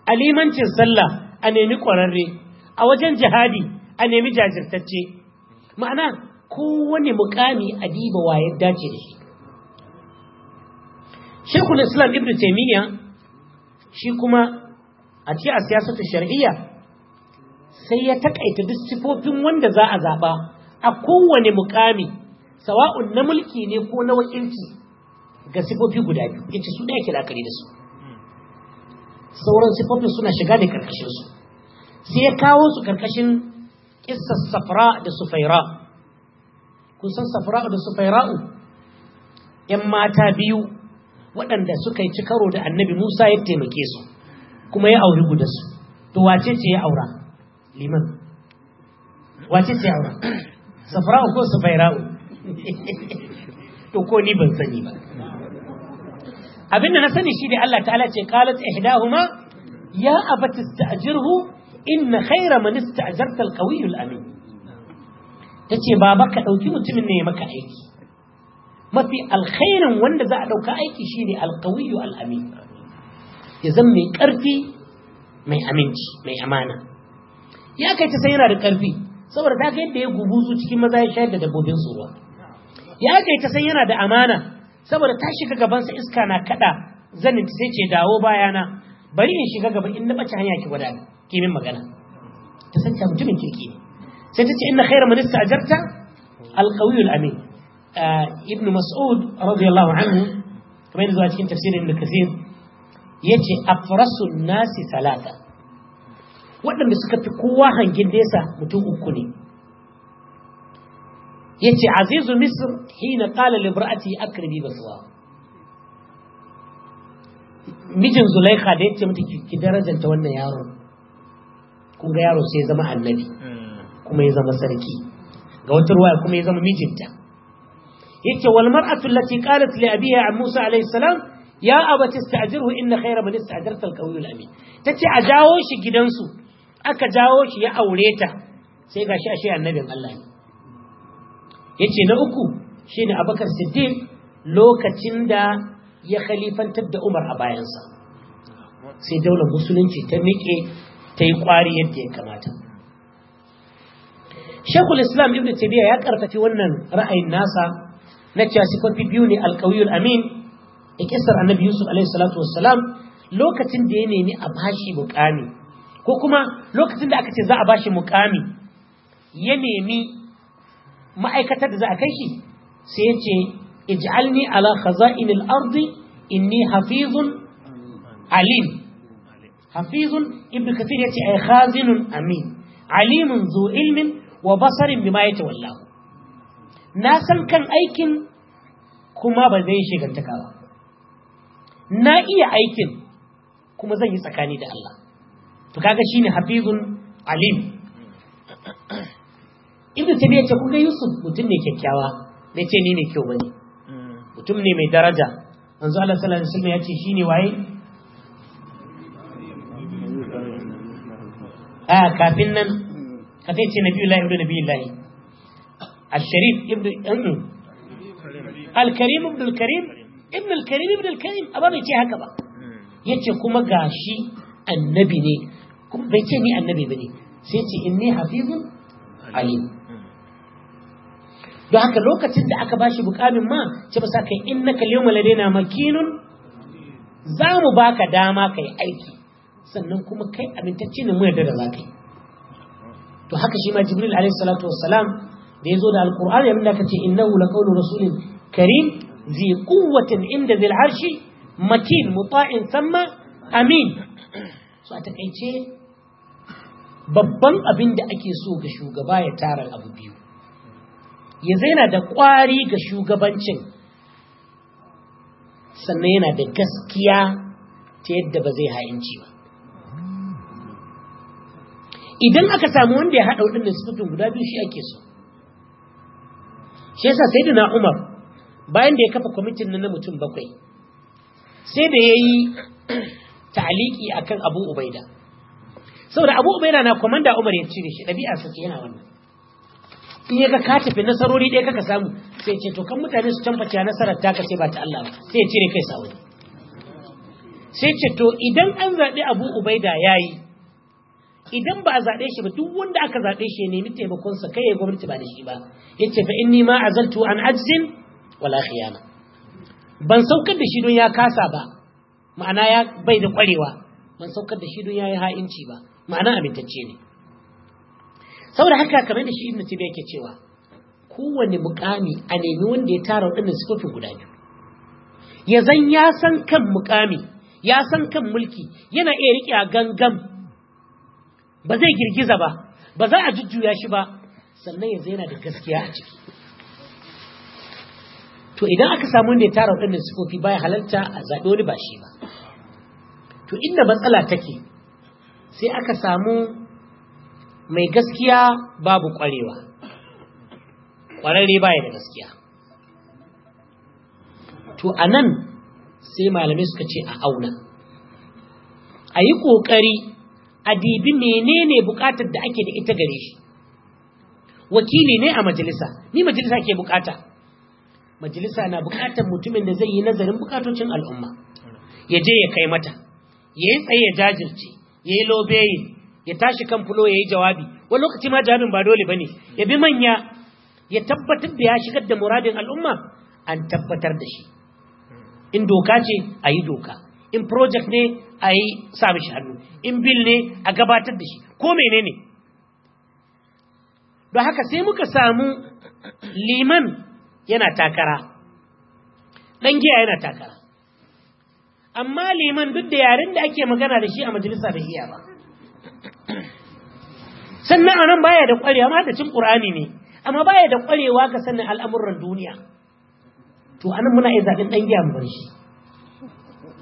a limancin sallah a nemi ƙwararre a wajen jihadi a nemi jajirtacce ma'ana kowane mukami a diba wayar dace da shi shekul islam ibn taimiyya shi kuma a ce a ta shari'a sai ya takaita duk sifofin wanda za a zaɓa a kowane mukami sawa'un na mulki ne ko na wakilci ga sifofi guda biyu yace su ne ake la'akari da su sauran sifofin suna shiga da karkashinsu sai ya kawo su karkashin kissar safra da sufaira kun san safra da sufaira'u ‘yan mata biyu waɗanda suka yi ci karo da annabi Musa ya taimake su kuma ya auri guda su to wace ce ya aura liman wace ce ya aura safara'u ko safaira'u to ko ni ban sani ba abinda na sani shi da Allah ta'ala ce kalat ihdahuma ya abati jirhu inna khayra man ista'jarta al-qawiyyu al-amin tace baba ka ɗauki mutumin ne maka aiki mafi alkhairin wanda za a ɗauka aiki shine alkawiyu al'amin ya zan mai ƙarfi mai aminci mai amana ya kai ta san yana da ƙarfi saboda ta ga yadda ya gubuzu cikin maza ya shayar da dabbobin ruwa ya kai ta san yana da amana saboda ta shiga gabansa iska na kaɗa zanin sai ce dawo bayana bari in shiga gaba in na ɓace hanya ki gwada ki min magana ta san ta mutumin kirki ne sai ta ce inna khairu minista ajarta alqawiyul amin ibn mas'ud radiyallahu anhu kamar yadda zuwa cikin tafsirin ibn kasir yace afrasun nasi salata waɗanda suka fi kowa hangin nesa mutum uku ne yace azizu misr hina qala li imra'ati akribi baswa mijin zulaikha da yace mata ki darajanta wannan yaro kun ga yaro sai ya zama annabi kuma ya zama sarki ga wata ruwaya kuma ya zama mijinta yake walmar mar'atu allati qalat li abiha an Musa alayhi salam ya abati ista'jirhu inna khayra man ista'jarta al-qawiyyu al-amin tace a jawo shi gidansu aka jawo shi ya aure ta sai gashi ashe annabin Allah yace na uku shine abakar Siddiq lokacin da ya khalifantar da Umar a bayansa sai daular musulunci ta miƙe ta yi ƙwari yadda ya kamata Shekul Islam Ibn Taymiyyah ya karfafi wannan ra'ayin nasa na cewa sifofi biyu ne alkawiyul amin a kisar annabi yusuf alaihi salatu wassalam lokacin da ya nemi a bashi mukami ko kuma lokacin da aka ce za a bashi mukami ya nemi ma'aikatar da za a kai shi sai ya ce ij'alni ala khaza'inil ardi inni hafizun alim hafizun ibnu kathir yace ay khazinun amin alimun zu ilmin wa basarin bima yatawallahu na san kan aikin kuma ba zai shigantaka ba na iya aikin kuma zan yi tsakani da Allah to kaga shine hafizun alim ibnu ya ce kuka yusuf mutum ne kyakkyawa ne ce ni ne kyau bane mutum ne mai daraja manzo Allah sallallahu alaihi wasallam ya ce shine waye a ah, kafin nan kafin ce nabiyullahi ibnu nabiyullahi الشريف ابن ابن الكريم ابن الكريم ابن الكريم ابن الكريم أبا بيتي هكذا يتي كما غاشي النبي ني كما بيتي النبي بني سيتي إني حفيظ عليم don haka lokacin da aka bashi bukamin ma ce ba sa kai innaka liyawma ladaina makinun za mu baka dama kai aiki sannan kuma kai amintacce ne mu yarda da zakai to haka shima jibril da ya zo da alkur'ani ya da aka ce innahu qawlu rasulin karim zi quwwatin inda zai arshi matin muta'in samma amin so a takaice babban abin da ake so ga shugaba ya tara abu biyu ya zaina da kwari ga shugabancin sannan yana da gaskiya ta yadda ba zai hayanci ba idan aka samu wanda ya haɗa waɗanda sifofin guda biyu shi ake so shi yasa na Umar bayan da ya kafa kwamitin nan na mutum bakwai sai da yayi ta'aliki akan Abu Ubaida saboda Abu Ubaida na kwamanda Umar ya cire shi dabi'a sace yana wannan in ya ga ka tafi nasarori ɗaya kaka samu sai ce to kan mutane su tambace nasarar ta ka ce ba ta Allah ba sai ya cire kai sauri sai ce to idan an zaɓi Abu Ubaida yayi idan ba a zaɓe shi ba duk wanda aka zaɓe shi ya nemi taimakonsa kai ya gwamnati ba da shi ba ya ce ba in inni ma azaltu an ajzin wala khiyana ban saukar da shi don ya kasa ba ma'ana ya bai da kwarewa ban saukar da shi don ya yi ha'inci ba ma'ana amintacce ne saboda haka kamar da shi ibn tibi yake cewa kowane mukami a nemi wanda ya tara waɗannan sifofin guda biyu ya zan ya san kan mukami ya san kan mulki yana iya riƙe a gangan ba zai girgiza ba ba za a jujjuya shi ba sannan yanzu yana da gaskiya a ciki to idan aka samu ne tara waɗannan sifofi baya halarta a zaɓi wani ba shi ba to inda matsala take sai aka samu mai gaskiya babu ƙwarewa ƙwararre baya da gaskiya to a nan sai malamai suka ce a auna a yi ƙoƙari a dibi menene bukatar da ake da ita gare shi wakili ne a majalisa ni majalisa ke bukata majalisa na bukatar mutumin da zai yi nazarin bukatocin al'umma ya je ya kai mata ya yi tsaye ya jajirce ya yi lobeyin ya tashi kan fulo ya yi jawabi wani lokaci ma jawabin ba dole ba ne ya bi manya ya tabbatar da ya shigar da muradin al'umma an tabbatar da shi in doka ce a yi doka in project ne a yi sami shi hannu in bil ne a gabatar da shi ko menene don haka sai muka samu liman yana takara ɗan yana takara amma liman duk da yaren da ake magana da shi a majalisa da iya ba sannan a nan baya da ƙwarewa ma da cin ƙurani ne amma baya da ƙwarewa ka sannan al'amuran duniya to anan muna iya zaɗin ɗan giya mu bar shi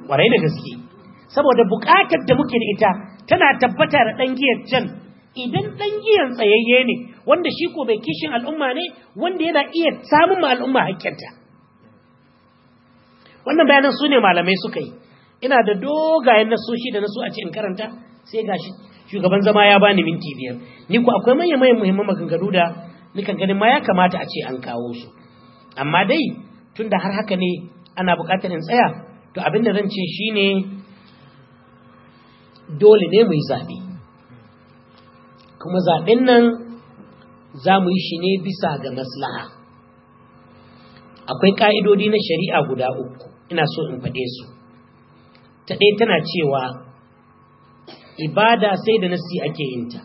ƙwarai da gaske saboda buƙatar da muke da ita tana tabbata da ɗan giyar can idan ɗan giyan tsayayye ne wanda shi ko bai kishin al'umma ne wanda yana iya samun ma al'umma hakkinta wannan bayanan su ne malamai suka yi ina da dogayen nasoshi da nasu a in karanta sai gashi shugaban zama ya bani minti biyar ni ku akwai manyan manyan muhimman maganganu da nikan ganin ma ya kamata a ce an kawo su amma dai tunda har haka ne ana buƙatar in tsaya to abin da zan ce shine dole ne mu yi zaɓe kuma zaɓen nan za mu yi shi ne bisa ga maslaha akwai ƙa'idodi na shari'a guda uku ina so in faɗe su ta ɗaya tana cewa ibada sai da nasi ake yinta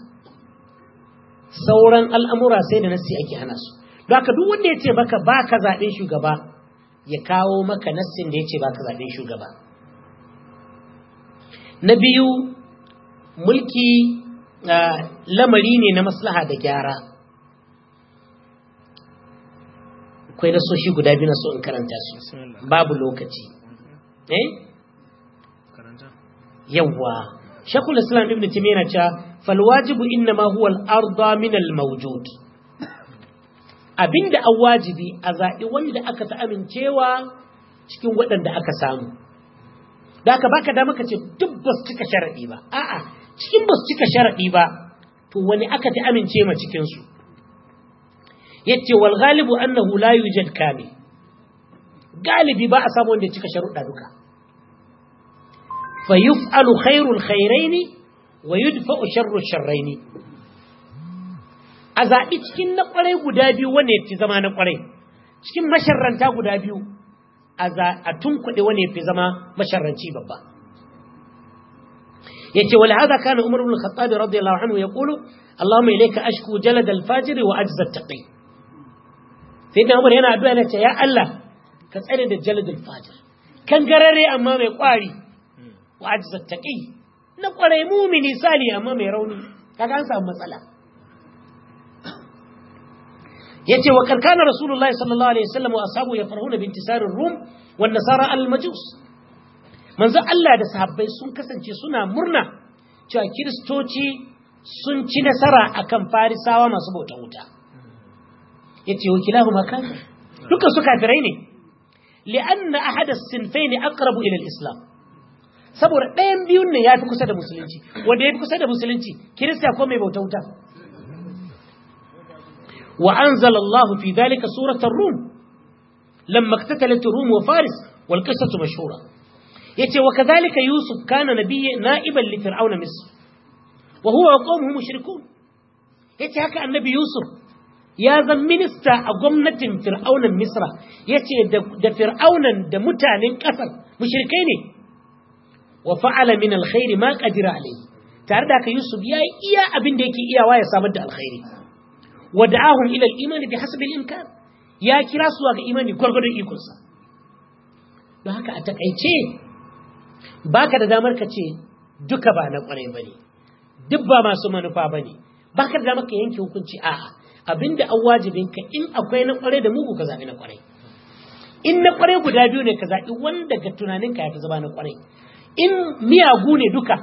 sauran al'amura sai da nasi ake hana su ba duk wanda ya ce baka ba ka zaɓen shugaba ya kawo maka nassin da ya ce ba ka zaɓen shugaba na biyu mulki lamari ne na maslaha da gyara akwai nasoshi guda biyu na so in karanta su babu lokaci eh yawwa shakul islam ibn timina yana cewa falwajibu inna ma huwa al-arda min al-mawjud abinda an wajibi a zaɓi wanda aka ta amincewa cikin waɗanda aka samu da aka baka dama ka ce duk kika su cika sharaɗi ba a'a cikin ba su cika sharaɗi ba to wani aka fi amince ma cikinsu yace wal galibu annahu la yujad galibi ba a samu wanda cika sharuɗa duka fa yuf'alu khairul khairaini wa yudfa'u sharru sharraini a zaɓi cikin na ƙwarai guda biyu wanda ya fi zama na ƙwarai cikin masharranta guda biyu a tunkuɗe wanda ya fi zama masharranci babba يتي ولهذا كان عمر بن الخطاب رضي الله عنه يقول اللهم إليك أشكو جلد الفاجر وعجز التقي سيدنا عمر هنا أدوى أنا يا الله كسألي جلد الفاجر كان قرري أمامي قاري وعجز التقي مو مؤمني سالي أمامي روني كان سام مسألة يتي وكان كان رسول الله صلى الله عليه وسلم وأصحابه يفرحون بانتصار الروم والنصارى على المجوس manzo Allah da sahabbai sun kasance suna murna cewa kiristoci sun ci nasara akan farisawa masu bauta wuta yace wakilahu makan duka su kafirai ne li'anna ahada ne aqrabu ila al-islam saboda ɗayan biyun ne yafi kusa da musulunci wanda yafi kusa da musulunci kirista ko mai bauta wuta wa anzala Allah fi dhalika surata rum lamma iktatalat rum wa faris wal qissatu mashhura yace wa kadhalika yusuf kana nabiyya na'iban li fir'auna misr wa huwa wa qawmuhu mushrikun yace haka annabi yusuf ya zan minista a gwamnatin fir'aunan misra yace da fir'aunan da mutanen kasar mushrikai ne wa fa'ala min alkhairi ma qadira alayhi tare da haka yusuf yayi iya abin da yake iyawa ya samar da alkhairi wa da'ahum ila al-iman hasabin hasbi al-imkan ya kira su ga imani gurgurdan ikonsa don haka a takaice Ba ka da damar ka ce duka ba na kwarai ne. duk ba masu manufa ba ne. Ba ka da damar ka yanke hukunci a'a abinda an wajibin ka in akwai na kwarai da mugu ka zaɓi na kwarai in na kwarai guda biyu ne ka zaɓi wanda ga tunanin ka ya fi zama na kwarai in miyagu ne duka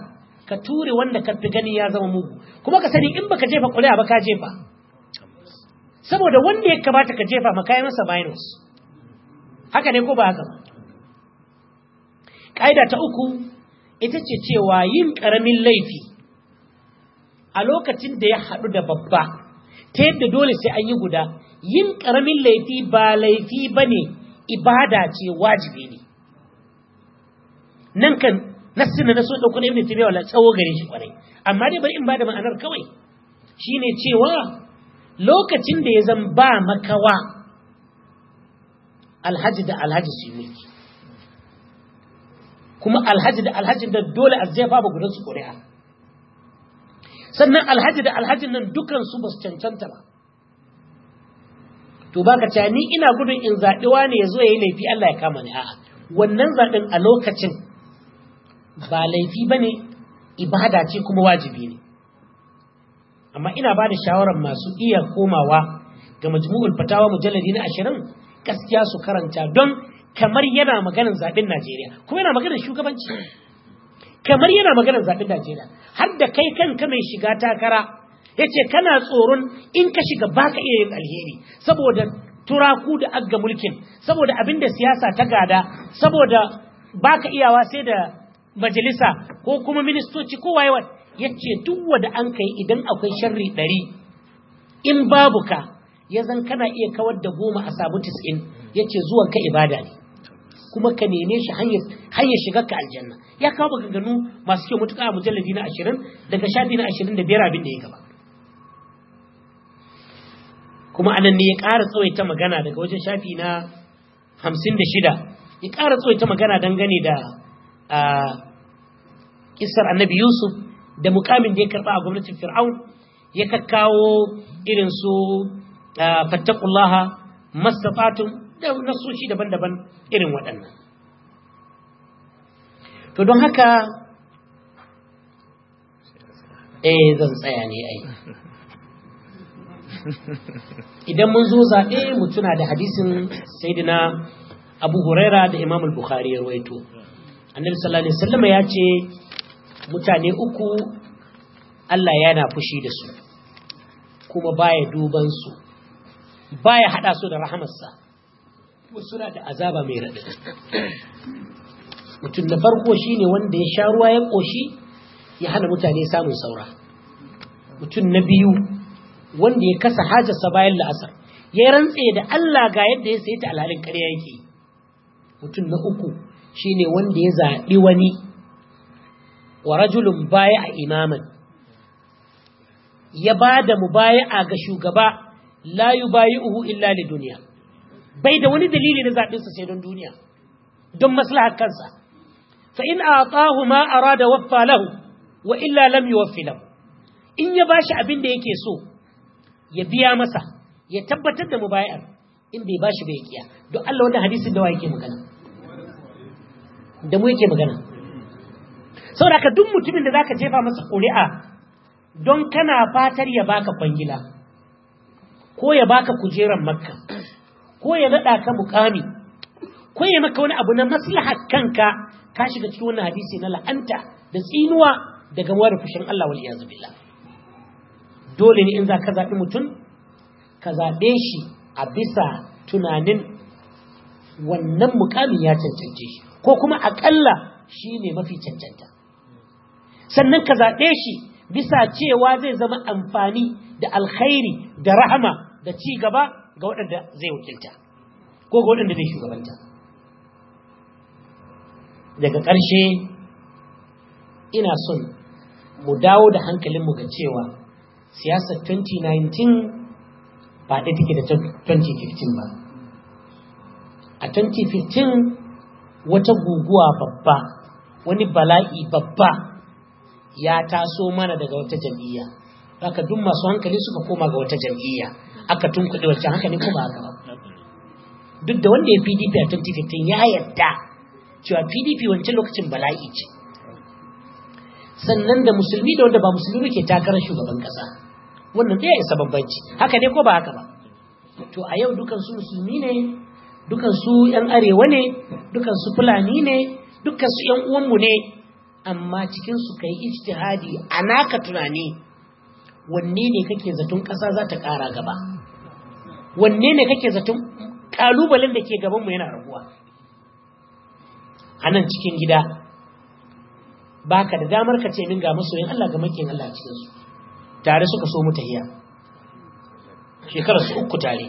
ka ture wanda ka fi gani ya zama mugu kuma ka sani in baka jefa kwarai ba ka jefa saboda wanda ya kamata ka jefa maka yi masa minus haka ne ko ba haka ba ƙa'ida ta uku ita ce cewa yin ƙaramin laifi a lokacin da ya haɗu da babba ta yadda dole sai an yi guda yin ƙaramin laifi ba laifi ba ne ibada ce wajibi ne nan kan nassin na so ɗauko na ibn tabiya wala tsawo gare shi kwarai amma dai bari in ba da ma'anar kawai Shi ne cewa lokacin da ya zan ba makawa alhaji da alhaji su yi mulki kuma alhaji da alhajin da dole a jefa ba gudan su ƙuri'a sannan alhaji da alhajin nan dukan su ba su cancanta ba to baka ta ni ina gudun in zaɓi wani ya zo ya yi laifi Allah ya kama ni a'a wannan zaɓin a lokacin ba laifi ba ne ibada ce kuma wajibi ne amma ina ba da shawarar masu iya komawa ga majmu'ul fatawa mujalladi na ashirin gaskiya su karanta don kamar yana maganar zaɓin Najeriya kuma yana maganin shugabanci kamar yana maganin zaɓin Najeriya har da kai kanka mai shiga takara ya ce kana tsoron in ka shiga ba ka iya yin alheri saboda turaku da agga mulkin saboda abin da siyasa ta gada saboda ba ka iyawa sai da majalisa ko kuma ministoci ko wayewa ya ce duk wanda an kai idan akwai sharri ɗari in babu ka ya zan kana iya kawar da goma a samu tis'in ya ce ka ibada ne kuma ka neme shi hanyar shiga ka aljanna ya kawo gano masu kyau matuƙa a mujalladi na ashirin daga shafi na ashirin da biyar abin da ya gaba kuma anan ne ya ƙara tsawaita magana daga wajen shafi na hamsin da shida ya ƙara tsawaita magana dangane da kisar annabi yusuf da mukamin da ya karɓa a gwamnatin fir'aun ya kakkawo irin su fattakullaha mastafatun da nasoshi daban-daban irin waɗannan to don haka e zan tsaya ne ai idan mun zo zaɓe mutuna da hadisin saidina abu huraira da imam al-bukhari ya rawaito annabi sallallahu alaihi wasallam ya ce mutane uku Allah yana fushi da su kuma baya duban su baya hada su da rahamarsa suna da azaba mai raɗi mutum na farko shi ne wanda ya sha ruwa ya ƙoshi ya hana mutane samun saura mutum na biyu wanda ya kasa hajarsa bayan la'asar ya rantse da Allah ga yadda ya sayi ta alhalin ƙarya yake mutum na uku shi ne wanda ya zaɓi wani wa rajulun baya a imaman ya ba da mu mubaya'a ga shugaba la uhu illa li duniya bai da wani dalili na zaɓin sa sai don duniya don maslahar kansa fa in aqahu ma arada waffa lahu wa illa lam yuwaffi lahu in ya bashi abin da yake so ya biya masa ya tabbatar da mubayar in bai bashi bai kiya don Allah wannan hadisin da wa yake magana da mu yake magana saboda ka duk mutumin da zaka jefa masa ƙuri'a don kana fatar ya baka kwangila ko ya baka kujeran makka ko ya naɗa ka mukami ko ya maka wani abu na maslahar kanka ka shiga cikin wannan hadisi na la'anta da tsinuwa daga wani fushin Allah wal iyazu billah dole ne in za ka zaɓi mutum ka zaɓe shi a bisa tunanin wannan mukamin ya cancance shi ko kuma aƙalla shi ne mafi cancanta sannan ka zaɓe shi bisa cewa zai zama amfani da alkhairi da rahama da ci gaba ga waɗanda zai wakilta ko ga waɗanda zai shugabanta daga ƙarshe ina son mu dawo da hankalin mu ga cewa siyasar 2019 ba ɗaya take da 2015 ba a 2015 wata guguwa babba wani bala'i babba ya taso mana daga wata jam'iyya haka duk masu hankali suka koma ga wata jam'iyya aka tunkuɗe wancan haka ne ko ba haka ba duk da wanda ya pdp a 2015 ya yadda cewa pdp wancan lokacin bala'i ce sannan da musulmi da wanda ba musulmi ke takarar shugaban kasa wannan ɗaya isa bambanci haka ne ko ba haka ba to a yau dukansu musulmi ne dukansu yan arewa ne dukansu fulani ne dukansu yan uwanmu ne amma cikinsu kai ijtihadi a naka tunani wanne ne kake zaton ƙasa za ta ƙara gaba wanne ne kake zaton kalubalen da ke gabanmu yana raguwa a nan cikin gida ba ka da damar ka ce min ga masoyin Allah ga makin Allah cikinsu tare suka so mu tahiya shekarar su uku tare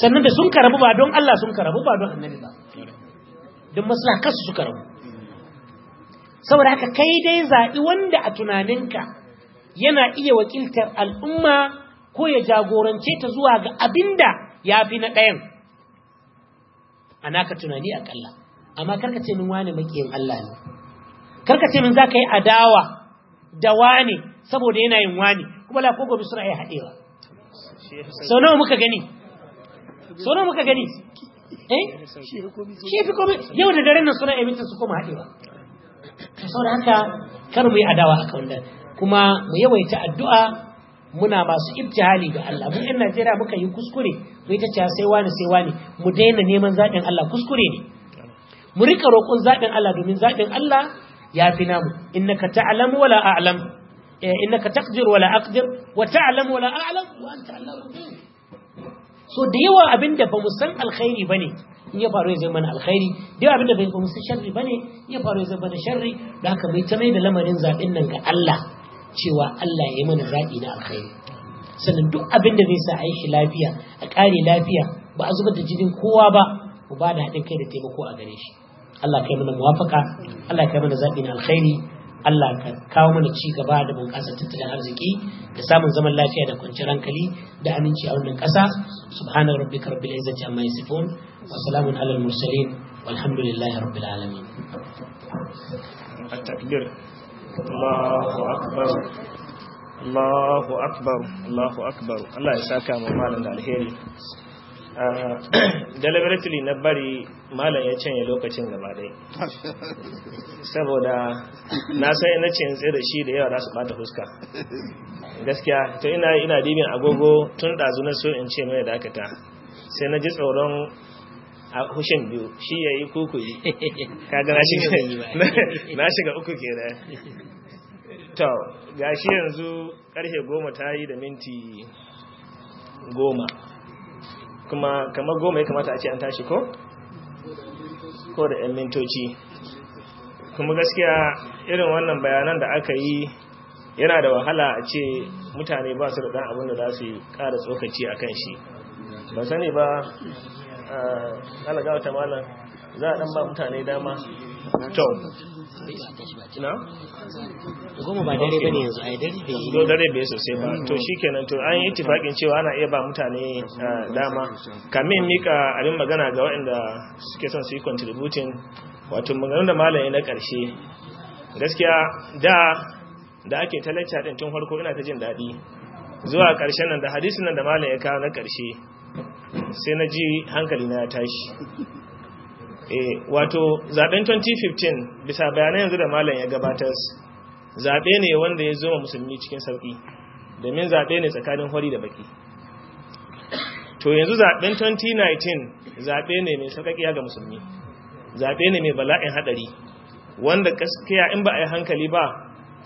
sannan da sun karabu ba don Allah sun karabu ba don annabi ba don maslaha kansu suka rabu saboda haka kai dai zaɓi wanda a tunaninka yana iya wakiltar al'umma ko ya jagorance ta zuwa ga abinda ya fi na ɗayan a naka tunani a ƙalla. amma karkace ce min wane makiyin Allah ne karkace ce min za ka yi adawa da wane saboda yana yin wane kuma la ko gobe suna yi haɗewa sau nawa muka gani sau nawa muka gani eh shi fi komi yau da daren nan suna yaminta su koma haɗewa sau da haka kar mu yi adawa a kan kuma mu yawaita addu'a muna masu ibtihali ga Allah mu ɗan Najeriya muka yi kuskure mu ta cewa sai wani sai wani mu daina neman zaɓin Allah kuskure ne mu rika roƙon zaɓin Allah domin zaɓin Allah ya fi namu innaka ta'lamu wala a'lam eh, innaka taqdir wala aqdir wa ta'lamu wala a'lam wa anta Allahu so da yawa abinda ba mu san alkhairi bane in ya faru ya zai mana alkhairi da yawa abinda ba mu san sharri bane in ya faru ya zai mana sharri da haka bai ta mai da lamarin zaɓin nan ga Allah cewa Allah ya mana zaɓi na alkhairi sannan duk abin da zai sa a yi lafiya a ƙare lafiya ba a zubar da jinin kowa ba mu ba da haɗin kai da taimako a gare shi Allah kai mana muwafaka Allah kai mana zaɓi na alkhairi Allah ka kawo mana ci gaba da bunƙasar tattalin arziki da samun zaman lafiya da kwanciyar hankali da aminci a wannan ƙasa subhana rabbika rabbil izzati amma yasifun wa salamun alal mursalin walhamdulillahi rabbil alamin التكبير Allahu akbar Allahu akbar Allah ya saka mu malam da alheri ah, deliberately na bari malam ya canye lokacin gaba dai saboda na sai na ce tsaye da shi da yawa za su bata fuska gaskiya to ina ina dibin agogo tun dazu na so in ce mai dakata sai na ji tsoron a hushin biyu shi ya yi kuku yi kaga na shiga uku ke da to ga shi yanzu karfe goma ta yi da minti goma kuma kamar goma ya kamata a ce an tashi ko? ko da 'yan mintoci kuma gaskiya irin wannan bayanan da aka yi yana da wahala a ce mutane ba su da ɗan abin da za su yi ƙara tsokaci a kan shi ba sani ba alagawa wata malam za a dan ba mutane dama to na goma ba dare bane yanzu ai dare bai yi dare bai sosai ba to shikenan to an yi tifakin cewa ana iya ba mutane dama kamin mika abin magana ga waɗanda suke son su yi contributing wato maganin da malam na ƙarshe gaskiya da da ake talacca ɗin din tun farko ina ta jin daɗi zuwa ƙarshen nan da hadisin nan da malam ya kawo na ƙarshe sai na ji hankali na tashi eh, wato zaben 2015 bisa bayanan yanzu da malam ya gabatar zaɓe ne wanda ya zoma musulmi cikin sauƙi domin zaɓe ne tsakanin hori da baki to yanzu zaɓen 2019 zaɓe ne mai sauƙaƙiya ga musulmi zaɓe ne mai bala'in haɗari wanda gaskiya in ba a yi hankali ba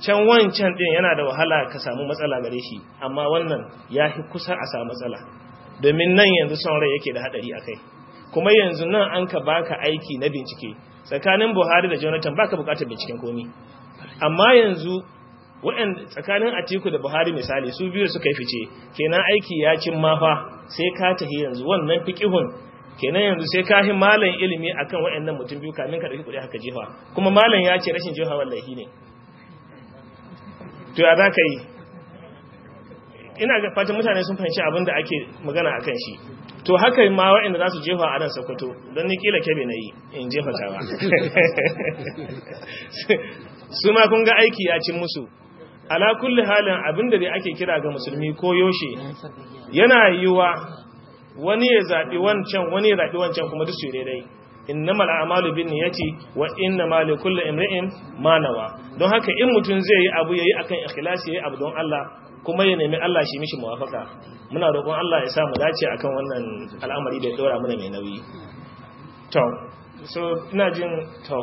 can wancan ɗin yana da wahala ka samu matsala gare shi amma wannan ya fi kusa a samu matsala domin nan yanzu son rai yake da hadari kai, kuma yanzu nan an ka baka aiki na bincike tsakanin Buhari da Jonathan baka bukatar binciken komi amma yanzu tsakanin Atiku da Buhari misali su biyu suka yi fice kenan aiki ya cin mafa sai ka tahi yanzu wannan fiqihun kenan yanzu sai ka hi malam ilimi akan waɗannan mutum biyu kamin ka dauki kuɗi haka jefa kuma malam ya ce rashin jefa wallahi ne to ya za ka yi ina ga fatan mutane sun fahimci abin da ake magana a kan shi to haka ma waɗanda za su jefa a nan sokoto don ni kila kebe na yi in jefa tawa su ma kun ga aiki ya cin musu ala kulli halin abin da dai ake kira ga musulmi ko yoshe yana yiwuwa wani ya zaɓi wancan wani ya zaɓi wancan kuma duk su daidai innamal a'malu niyyati wa li kulli imri'in ma nawa don haka in mutun zai yi abu yayi akan ikhlasi yayi abu don Allah kuma ya nemi Allah shi mishi muwafaka muna roƙon Allah ya sa mu dace akan wannan al'amari da ya dora mana mai nauyi to so ina jin to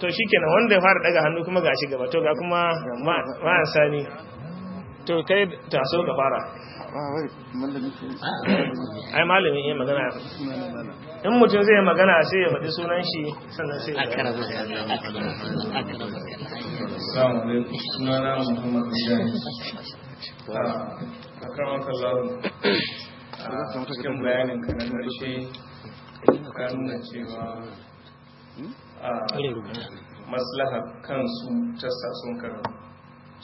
to shikenan wanda ya fara daga hannu kuma gashi gaba to ga kuma ma sani to kai taso ka fara ai malamin yi magana in mutum zai magana sai ya faɗi sunan shi sannan sai ya kara a ah, ah, bayanin ka na ka nuna cewa ah, maslahar kansu ta sasun karo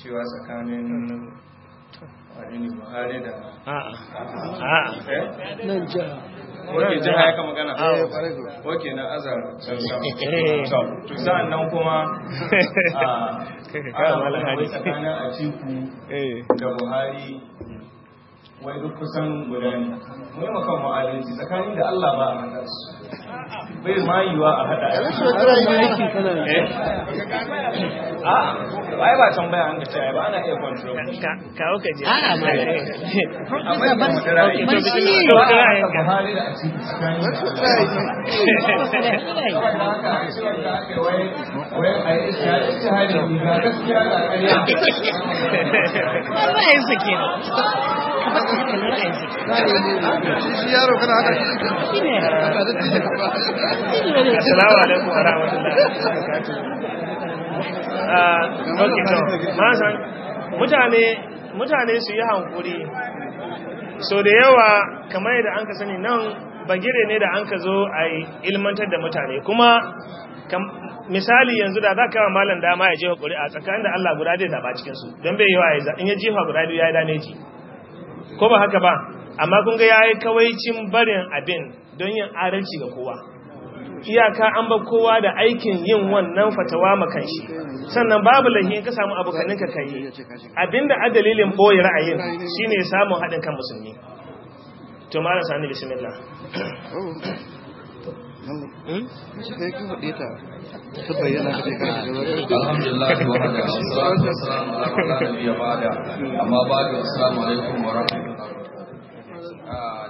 cewa tsakanin wani ne buhari da nan jiha ya kama gana na azar eh. to sa'an nan kuma ah, a tsakanin eh. da buhari wai duk kusan guda ne mai makon eh? ah, eh. tsakanin da Allah ba a haɗa bai ma yiwa a hada a bai ba baya an ba ana iya kawo ka je a amma ba mu ba shi ne ba da da a cikin tsakanin ya ci hali ga gaskiya ba ba mutane suyi su yi hankuri so da yawa kamar yadda an ka sani nan bagire ne da an ka zo a ilmantar da mutane kuma misali yanzu da za ka yawa malam dama ya jefa ƙuri'a tsakanin da Allah guda dai da cikinsu don bai yi wa in ya jefa guda biyu ya yi dameji ko ba haka ba amma kun ga yayi kawaicin barin abin don yin adalci ga kowa iyaka an ba kowa da aikin yin wannan fatawa makan shi sannan babu lahi ka samu abokanin ka kai abinda a dalilin boye ra'ayin shine samun haɗin kan musulmi to malam sani bismillah oh. shi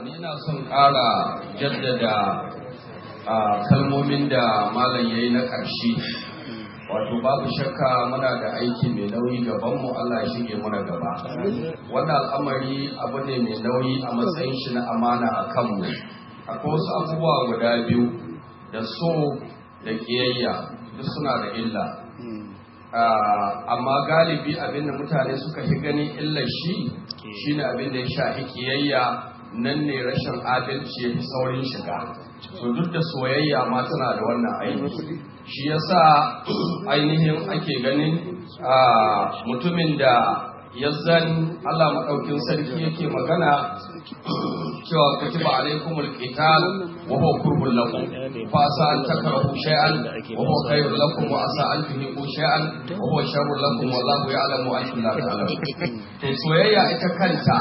ni na son ƙara jaddada kalmomin da malam yayi na ƙarshe wato babu shakka muna da aiki mai nauyi gabanmu Allah ya shige muna gaba wannan al'amari abu ne mai nauyi a matsayin shi na amana a kanmu akwai wasu abubuwa guda biyu da so da kiyayya duk suna da illa hmm. ah, amma galibi abinda mutane suka fi gani illar shi shine abinda ya shafi kiyayya nan ne rashin adalci ya fi saurin shiga to duk da soyayya ma tana da wannan aiki shi yasa ainihin ake ganin ah, mutumin da yazzan Allah maɗaukin sarki yake magana cewa katiba alaikumul qital wa huwa kurbul lakum fa sa an takrahu shay'an wa huwa khairul lakum wa asa an tuhibbu shay'an wa huwa sharrul lakum wallahu ya'lamu antum la to soyayya ita kanta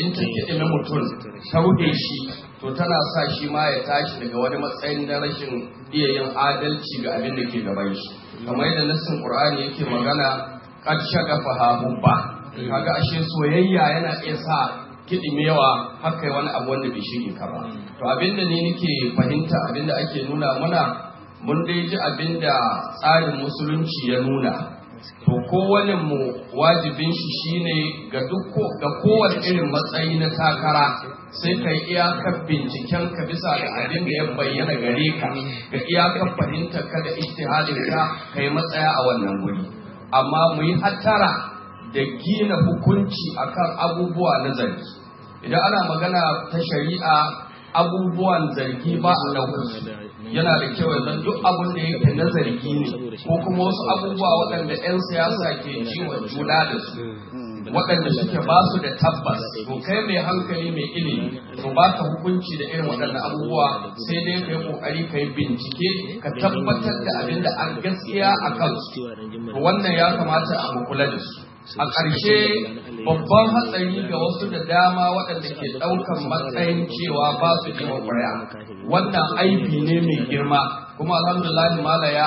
in ta ina na mutum sauke shi to tana sa shi ma ya tashi daga wani matsayin na rashin iya yin adalci ga abin da ke gaban shi kamar yadda nassin qur'ani yake magana qad shagafa hubba kaga ashe soyayya yana iya sa kiɗi mai yawa har kai wani abu wanda bai shirye ka ba to abinda ni nake fahimta abinda ake nuna mana mun dai ji abinda tsarin musulunci ya nuna to kowane mu wajibin shi shine ga duk ga kowane irin matsayi na takara sai kai iyakar binciken ka bisa ga abin da ya bayyana gare ka ga iyakar fahimtar ka da ijtihadin ka kai matsaya a wannan guri amma mu yi hattara da gina hukunci akan abubuwa na zargi idan ana magana ta shari'a abubuwan zargi ba a ɗaukarsu yana da kyau yanzu duk abin da yake na zargi ne ko kuma wasu abubuwa waɗanda 'yan siyasa ke ciwon juna da su waɗanda suke ba su da tabbas to kai mai hankali mai ilimi to ba ka hukunci da irin waɗannan abubuwa sai dai ka yi ƙoƙari ka yi bincike ka tabbatar da abin da an gaskiya a kansu to wannan ya kamata a kula da su a ƙarshe babban hatsari ga wasu da dama waɗanda ke ɗaukan matsayin cewa ba su neman wannan aibi ne mai girma kuma alhamdulillah mala ya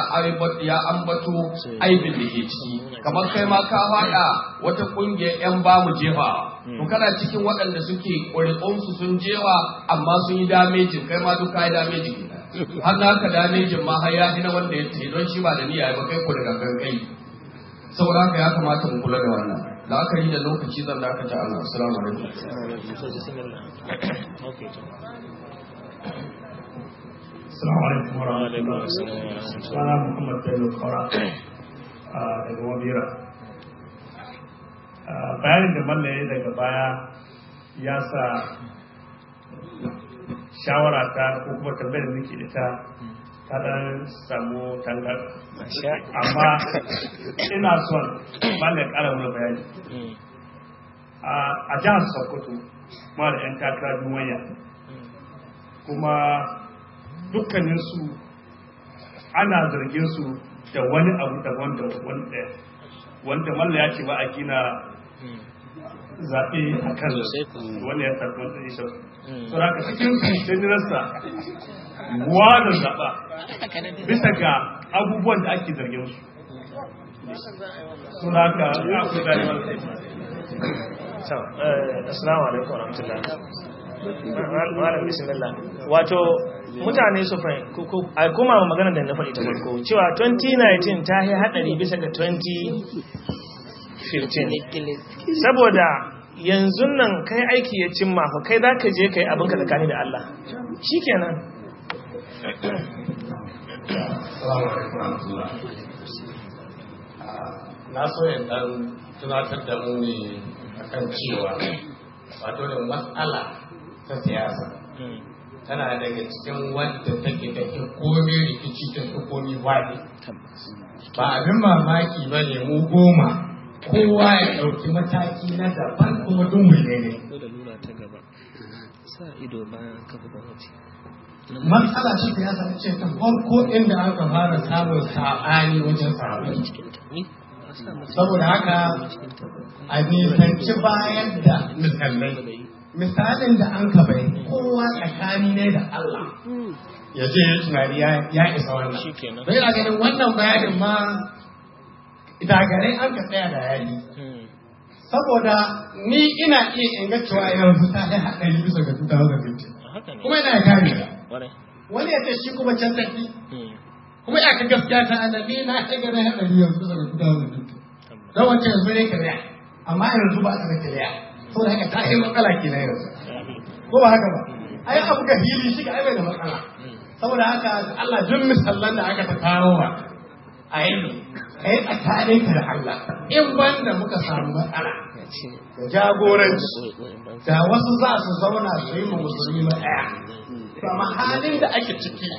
ya ambato aibin da ke ciki kamar kai ma ka faɗa wata ƙungiyar 'yan bamu jefa to kana cikin waɗanda suke ƙuri'unsu sun jewa amma sun yi damejin kai ma duka yi damejin har na ka damejin ma har ya na wanda ya ce don shi ba da niyya ba kai ku daga kai saboda haka ya kamata mu kula da wannan yi da lokaci zan dakata Allah assalamu alaikum assalamu alaikum wa rahmatullahi wa barakatuh uh, uh, bayanin da mallaye daga baya ya sa shawara ta ko kuma tambayar da nake ta. Kaɗan samu tangar amma ina son ba da ƙara wani bayani hmm. a jihar sokoto ma da 'yan takara duniya kuma dukkaninsu ana zargin su da wani abu da wanda wanda malla ya ce ba a gina hmm. zaɓe a kan wani ya tarbi wanda hmm. ya shafi. Sauraka cikin su sai wani zaɓa bisa ga abubuwan da ake zargin su suna ka aku da yawan alaikum Malam bismillah wato mutane su a kuma magana da na faɗi ta farko cewa 2019 ta yi haɗari bisa ga 2015 saboda yanzu nan kai aiki ya cimma fa kai za ka je kai abinka tsakani da Allah Shi kenan na so yin dan tunatar da mu ne akan cewa wato da matsala ta siyasa tana daga cikin wadda take da komi rikici ta komi ba abin mamaki ba ne mu goma kowa ya ɗauki mataki na daban kuma dumbule ne sa ido bayan kafa matsala ce ya yasa ce ta farko inda aka fara samun saɓani wajen saɓani saboda haka a nisanci bayan da misalai misalin da an ka bai kowa tsakani ne da Allah ya je ya tunani ya isa wannan bai da ganin wannan bayanin ma da gare an ka tsaya da yayi saboda ni ina iya ingancewa yanzu ta yi haɗari bisa ga 2015 kuma ina ya kare wani ya ce shi kuma can tafi hmm. kuma ya ka gaskiya ta annabi na ta ga na ɗari yanzu da guda wannan dan wancan yanzu ne kariya amma yanzu ba a da kariya da haka ta yi matsala na yanzu ko ba haka ba hmm. a yi abu ga hili shi ga ai da matsala hmm. saboda haka Allah duk misallan da aka ta kawo wa a yanzu kai tsakanin ka da Allah in banda muka samu matsala da jagoranci da wasu za su zauna su yi musulmi ɗaya Sama halin da ake ciki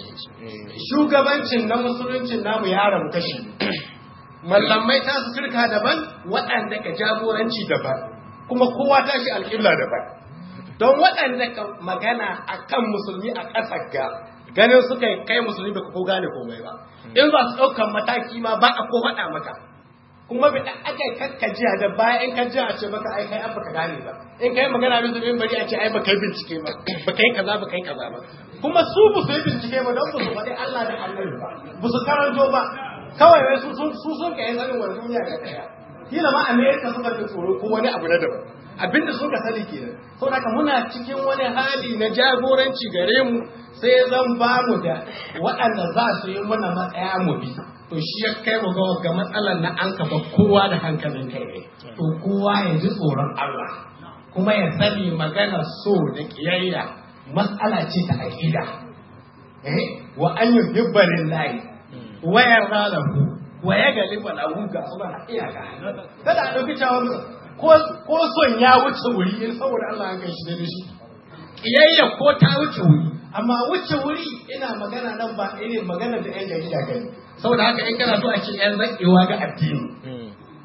shugabancin na musuluncin namu ya rabu shi mallamai ta su turka daban waɗanda ka jagoranci daban kuma kowa ta shi alƙibla daban don waɗanda ka magana a kan musulmi a ƙasar ga ganin suka kai musulmi ba ko gane komai ba in ba su ɗaukar mataki ma ba a ko faɗa maka kuma bi aka kakkajiya da baya in ka ji a ce maka ai kai an baka gane ba in kai magana mai zubin bari a ce ai baka bincike ba baka yi kaza baka yi kaza ba kuma su bu su bincike ba don su faɗi Allah da Allah ba bu su karanto ba kawai wai su su sun kai sanin wani duniya ga kaya kila ma America suka fi tsoro ko wani abu na daban abin sun suka sani kenan so haka muna cikin wani hali na jagoranci gare mu sai zan ba mu da waɗanda za su yi mana matsaya mu bi to shi ya kai mu ga matsalar na an kafa kowa da hankalin kai ne to kowa ya ji tsoron Allah kuma ya sani magana so da kiyayya matsala ce ta aqida eh wa an yuhibba lillahi wa yarda lahu wa yaghlibu lahu ga bana iyaka kada a dauki tawar ko ko son ya wuce wuri in saboda Allah ya shi da shi kiyayya ko ta wuce wuri amma wuce wuri ina magana nan ba irin magana da 'yan jarida kai saboda haka in kana so a ce yan zakewa ga addini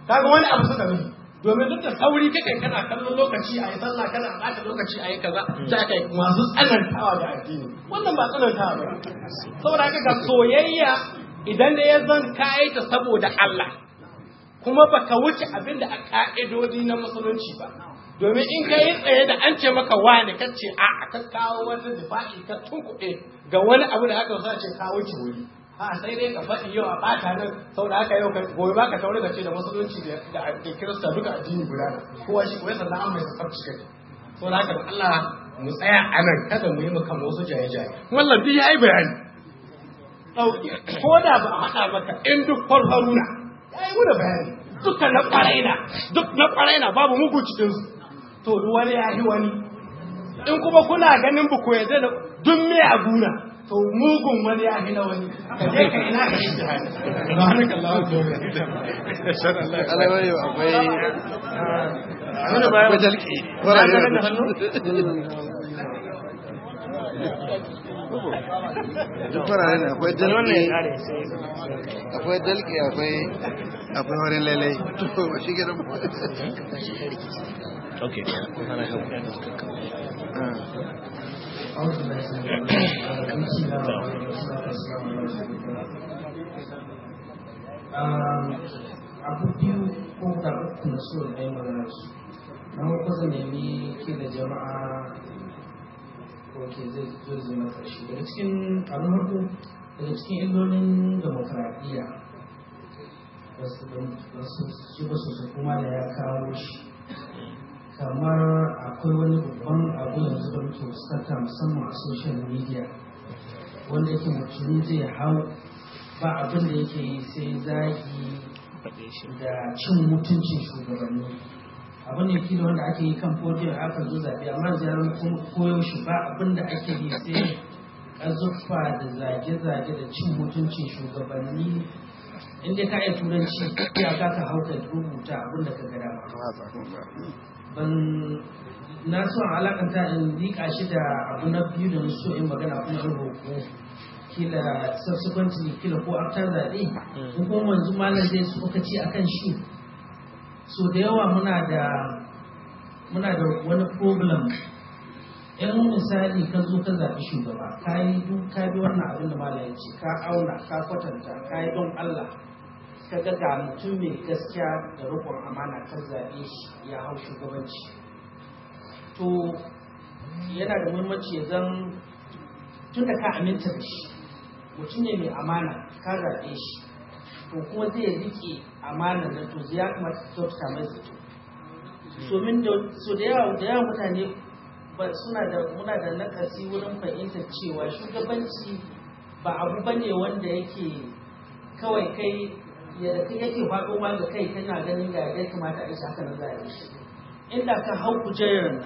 ga wani abu suka rufe domin duk da sauri kake kana kallon lokaci a yi sallah kana ɓata lokaci a yi kaza ta kai masu tsanantawa ga addini wannan ba tsanantawa ba saboda haka ga soyayya idan da ya zan kayi ta saboda Allah kuma ba ka wuce abin da a ka'idodi na musulunci ba domin in ka yi tsaye da an ce maka wani ka a ka kawo wani difa'i ka tunkuɗe ga wani abu da aka sa ce ka wuce wuri a sai dai ka faɗi yau a ɓata nan sau da aka yau ka gobe ba ka tauri ka ce da musulunci da kirista duka addini guda kowa shi koyi sannan an mai tsarci kai sau da haka Allah mu tsaya a nan kada mu yi mu kama wasu jaye-jaye wallan duk ya yi bayani ɗauke ko da ba a haɗa maka in duk farfaruna ya yi mu da bayani duka na ƙwarai duk na ƙwarai babu mugu cikinsu to wani ya yi wani in kuma kuna ganin ba ku yarda duk me a guna to mugun wani ya hina wani ka je ka ina ka yi jihadi subhanakallahu wa bihamdika alawai akwai wani bayan ko duk bayan ne akwai dalke akwai akwai wani lalai to shi gidan abu biyu ko da uku na so na yi magana su na wani kwasa nemi da jama'a ke zai zo zama karshe daga cikin abin da cikin illolin demokaradiyya wasu su ba su kuma da ya kawo shi kamar akwai wani babban abu yanzu da muke fuskanta musamman a social media wanda yake mutum zai hau ba abin da yake yi sai zagi da cin mutuncin shugabanni abin da yake wanda ake yi kan fodiyar aka zo zaɓe amma ziyarar koyaushe ba abin da ake yi sai ƙazuffa da zage-zage da cin mutuncin shugabanni inda ka yi turanci ya ka hauka rubuta abin da ka gada ba na so alakanta in liƙa shi da abu na biyu da so in magana kuma in roƙo kila subsequently kila ko after zaɓe in mm. kuma wanzu malam zai tsokaci a kan shi so da yawa muna da muna da wani problem yan misali ka zo ka zaɓi shugaba ka yi duk ka bi wannan abin da malam ya ce ka auna ka kwatanta ka yi don Allah ka ga ga mutum mai gaskiya da rukun amana ta zaɓe shi ya hau shugabanci to yana da muhimmanci zan tun da ka aminta da shi mutum ne mai amana ka zaɓe shi to kuma zai riƙe amana da to ya kamata ta kyauta mai zato domin so da yawa da yawa mutane ba suna da muna da nakasi wurin fahimtar cewa shugabanci ba abu bane wanda yake kawai kai yadda yake faɗo ma da kai tana ganin ga ya kamata a yi haka nan za a yi shi inda ka hau kujerar nan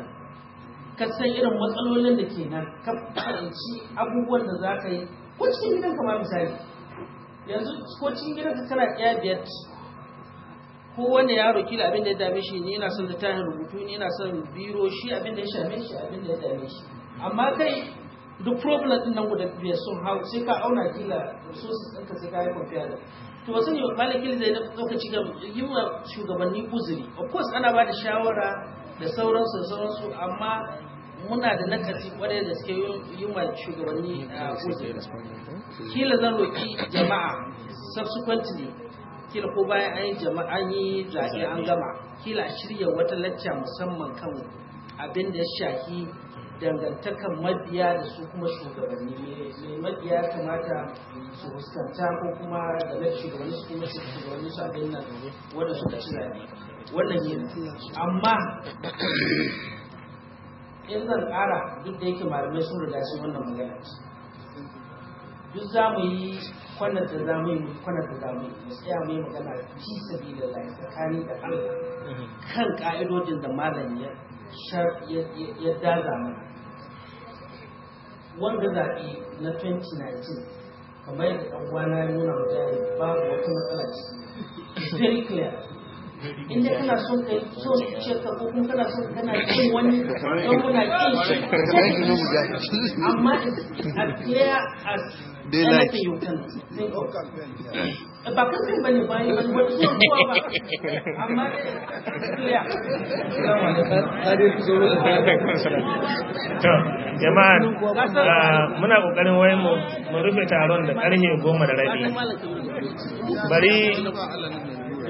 ka san irin matsalolin da ke nan ka fahimci abubuwan da za ka yi ko cikin gidan ka ma misali yanzu ko cikin gidan ka kana ɗaya biyar ko wanda yaro kila abin da ya dame shi ni yana son littafin rubutu ni yana son biro shi abin da ya shame shi abin da ya dame shi amma kai duk problem ɗin nan guda biyar sun hau sai ka auna kila su su tsinka sai ka yi kwafiya da to wasu ne malakin zai na lokaci ga yi wa shugabanni uzuri of course ana ba da shawara da sauransu sauransu amma muna da nakasi kwarai da suke yi wa shugabanni mm, ah, uzuri mm. kila zan roƙi jama'a subsequently kila ko bayan an yi jama'a an yi zaɓe an gama kila shirya wata lacca musamman kan abin da ya shafi dangantakan mabiya da su kuma shugabanni ne mabiya kamata su fuskanta ko kuma da na shugabanni su kuma shugabanni su abin nan wanda suka cira ne wannan yin amma in zan ƙara duk da yake malamai sun riga sun wannan magana duk za mu yi kwanar da za mu yi kwanar da za mu yi mu tsaya mu yi magana fi sabi da tsakani da Allah mm-hmm. kan ka'idodin da malamiyar. ya daga mana wanda zaɓe na 2019 kamar yadda ɗan'uwana ya nuna wa babu wata matsala very clear inda kana son ka so zuciyarka ko kuma kana son kana kin wani don kuna kin shi amma as clear as daylight jama'a uh, muna kokarin wayan mu rufe taron da karhe goma da rabi bari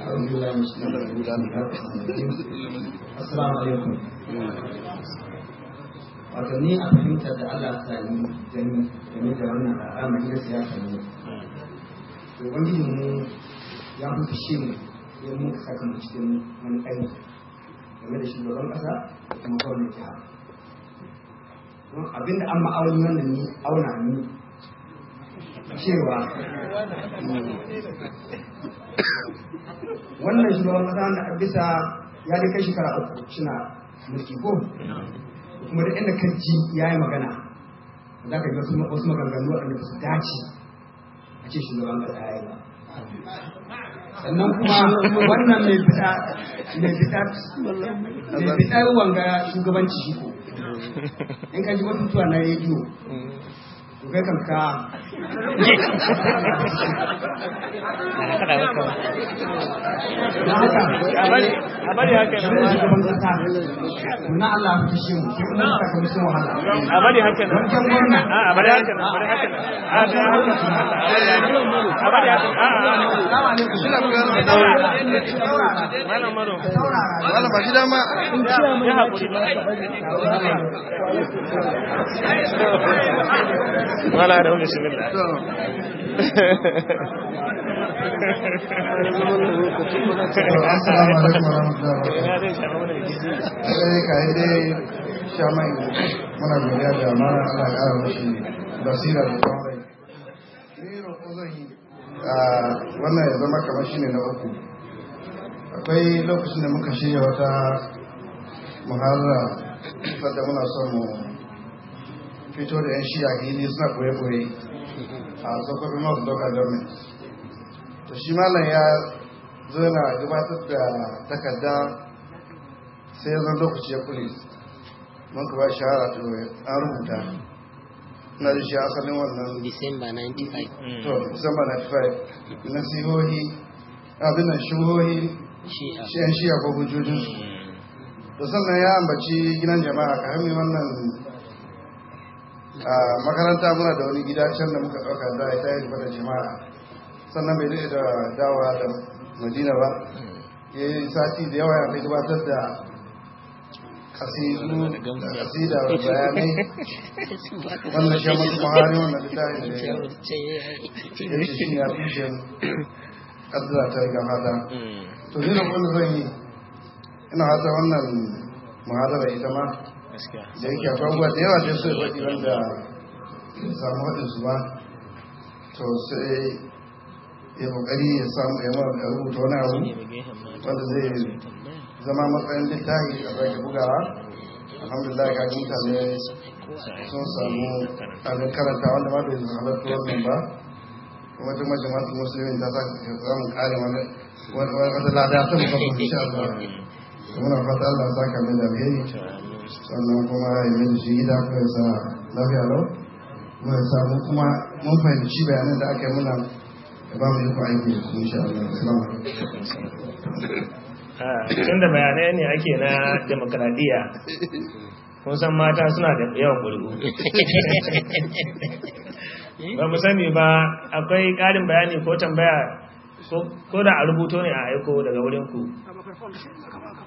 أعوذ بالله من الشيطان الرجيم السلام عليكم wato ni a fahimtar da Allah ta yi gani game da wannan al'amari na siyasa ne to wani mu ya fi shi mu ya muka saka mu cikin wani ɗari game da shugaban ƙasa da kuma kawai jiha don abinda an ma'aunin wannan ni auna ni cewa wannan shugaban kasa na bisa ya da kai shekara uku suna mulki ko kuma da inda kaji ya yi magana za ka yi wasu maganganu waɗanda ba su dace a ce shugaban ba ta yi ba sannan kuma wannan mai fita mai fita mai fita wanga shugabanci shi ko in kaji wasu tuwa na rediyo kai ka wala da bismillah assalamu wannan ya zama kamar na uku akwai lokacin da muka shirya wata muharra wadda muna son mu fito da yan shiya gini suna koye-koye a sokoto north local government to shi malam ya zo na gabatar da takarda sai zan lokaci ya kule mun ka ba da ya an rubuta na da shi asalin wannan disamba 95 95 na sihohi shiya ko hujjojinsu mm. to sannan ya ambaci gidan jama'a ka wannan a makaranta muna da wani gida can da muka ɗauka za a yi da jama'a sannan bai da dawa da madina ba ya yi sati da yawa ya kai gabatar da kasidu da kasida da bayanai wanda shi masu mahari wanda da tayin da ya yi shi ya fi shi ƙasira ta riga to ni kuma zan yi ina hata wannan muhadara ita ma da yake akwai abubuwa da yawa da su faɗi wanda samu waɗansu ba to sai ya ƙoƙari ya samu ya rubuta wani abu wanda zai zama matsayin littafi a sake bugawa alhamdulillah ka ji mutane sun samu abin karanta wanda ma bai halarta wannan ba kuma duk majalisar musulmi ta samu ƙarin wani wata lada ta musamman insha Allah muna fata Allah za ka mai lafiya ne sannan kuma ya mai shi gida ko ya sa lafiya lau kuma samu kuma mun fahimci bayanan da aka yi muna ya ba mu yi ku aiki da su insha Allah salamu tun da bayanai ne ake na demokradiyya kun san mata suna da yawan gurgu ba mu sani ba akwai ƙarin bayani ko tambaya ko da a rubuto ne a aiko daga wurin wurinku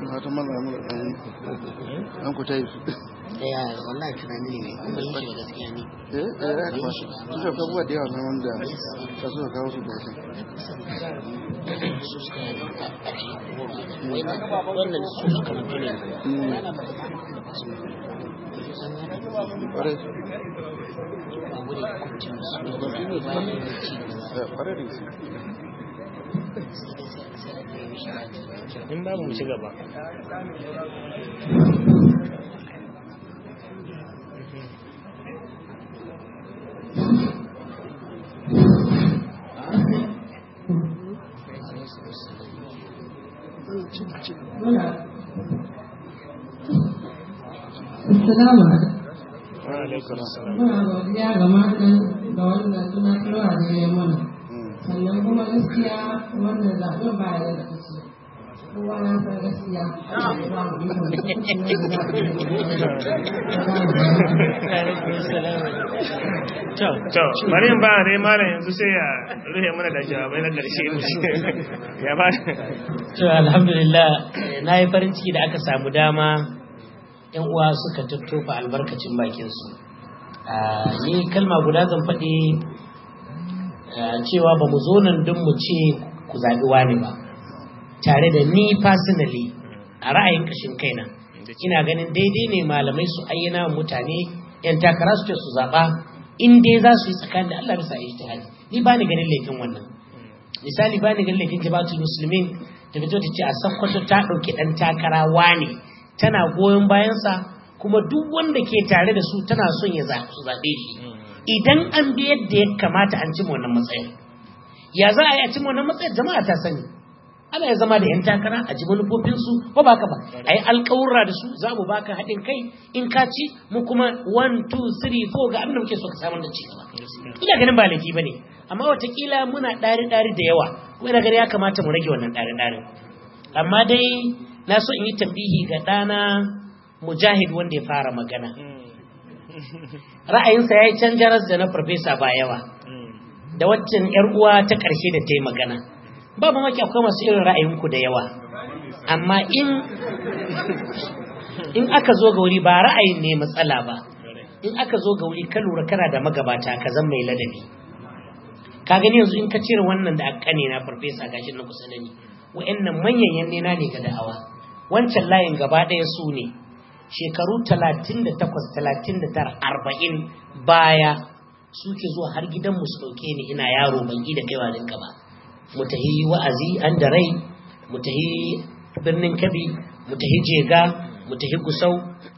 mata an ku da wallahi tunani ne kuma yin shi gaskiya ne eh eh, eh suka da yawa na wanda ka suka kawo su mm. Mm. su a ƙarshe eh, wannan ƙwarai in ba mu ci gaba Assalamu alaikum. Muna godiya ga matan da wannan tunatarwa da ya mana. sannan kuma gaskiya wannan zaɓen ba ya da kusa kowa na san gaskiya ba mu yi wani to bari mara yanzu sai ya rufe mana da jawabai na ƙarshe ya ba to alhamdulillah na yi farin ciki da aka samu dama yan uwa suka tattofa albarkacin bakinsu ah, ni kalma guda zan faɗi Eh, cewa ba mu zo nan don mu ce ku zaɓi wani ba tare da ni personally a ra'ayin ƙashin kaina ina ganin daidai ne malamai su ayyana mutane yan takara su ce su zaɓa in dai za su yi tsakanin da Allah bisa hali, ni ba ni ganin laifin wannan misali ba ni ganin laifin jama'atul musulmin ta fito ta ce a sakkwato ta ɗauki ɗan takara wane tana goyon bayansa kuma duk wanda ke tare da su tana son ya zaɓe shi hmm. idan an bi yadda ya kamata an cimma wannan matsayin ya za a yi a cimma wannan matsayin jama'a ta sani ana ya zama da yan takara a ji manufofinsu ko baka ba a yi alkawurra da su za mu baka haɗin kai in ka ci mu kuma 1 2 3 4 ga abinda muke so ka samar da ci gaba ina ganin ba laifi bane amma watakila muna ɗari ɗari da yawa kuma ina gani ya kamata mu rage wannan ɗari ɗari amma dai na so in yi tambihi ga ɗana mujahid wanda ya fara magana ra'ayinsa ya yi canjaras da na farfesa ba yawa da waccan yar uwa ta ƙarshe da ta yi magana ba maki akwai masu irin ra'ayinku da yawa amma in aka zo ga wuri ba ra'ayin ne matsala ba in aka zo ga wuri ka lura kana da magabata ka zan mai ladabi ka gani yanzu in ka cire wannan da aka ne na farfesa gashin na kusa da ni wa'annan manyan yannena ne ga da'awa wancan layin gaba ɗaya su ne shekaru 38-39 arba'in baya suke zuwa har gidan mu su ɗauke ni ina yaro ban da kaiwa wajen ba mu wa'azi an da rai mu birnin kabi mu tahi jega mu gusau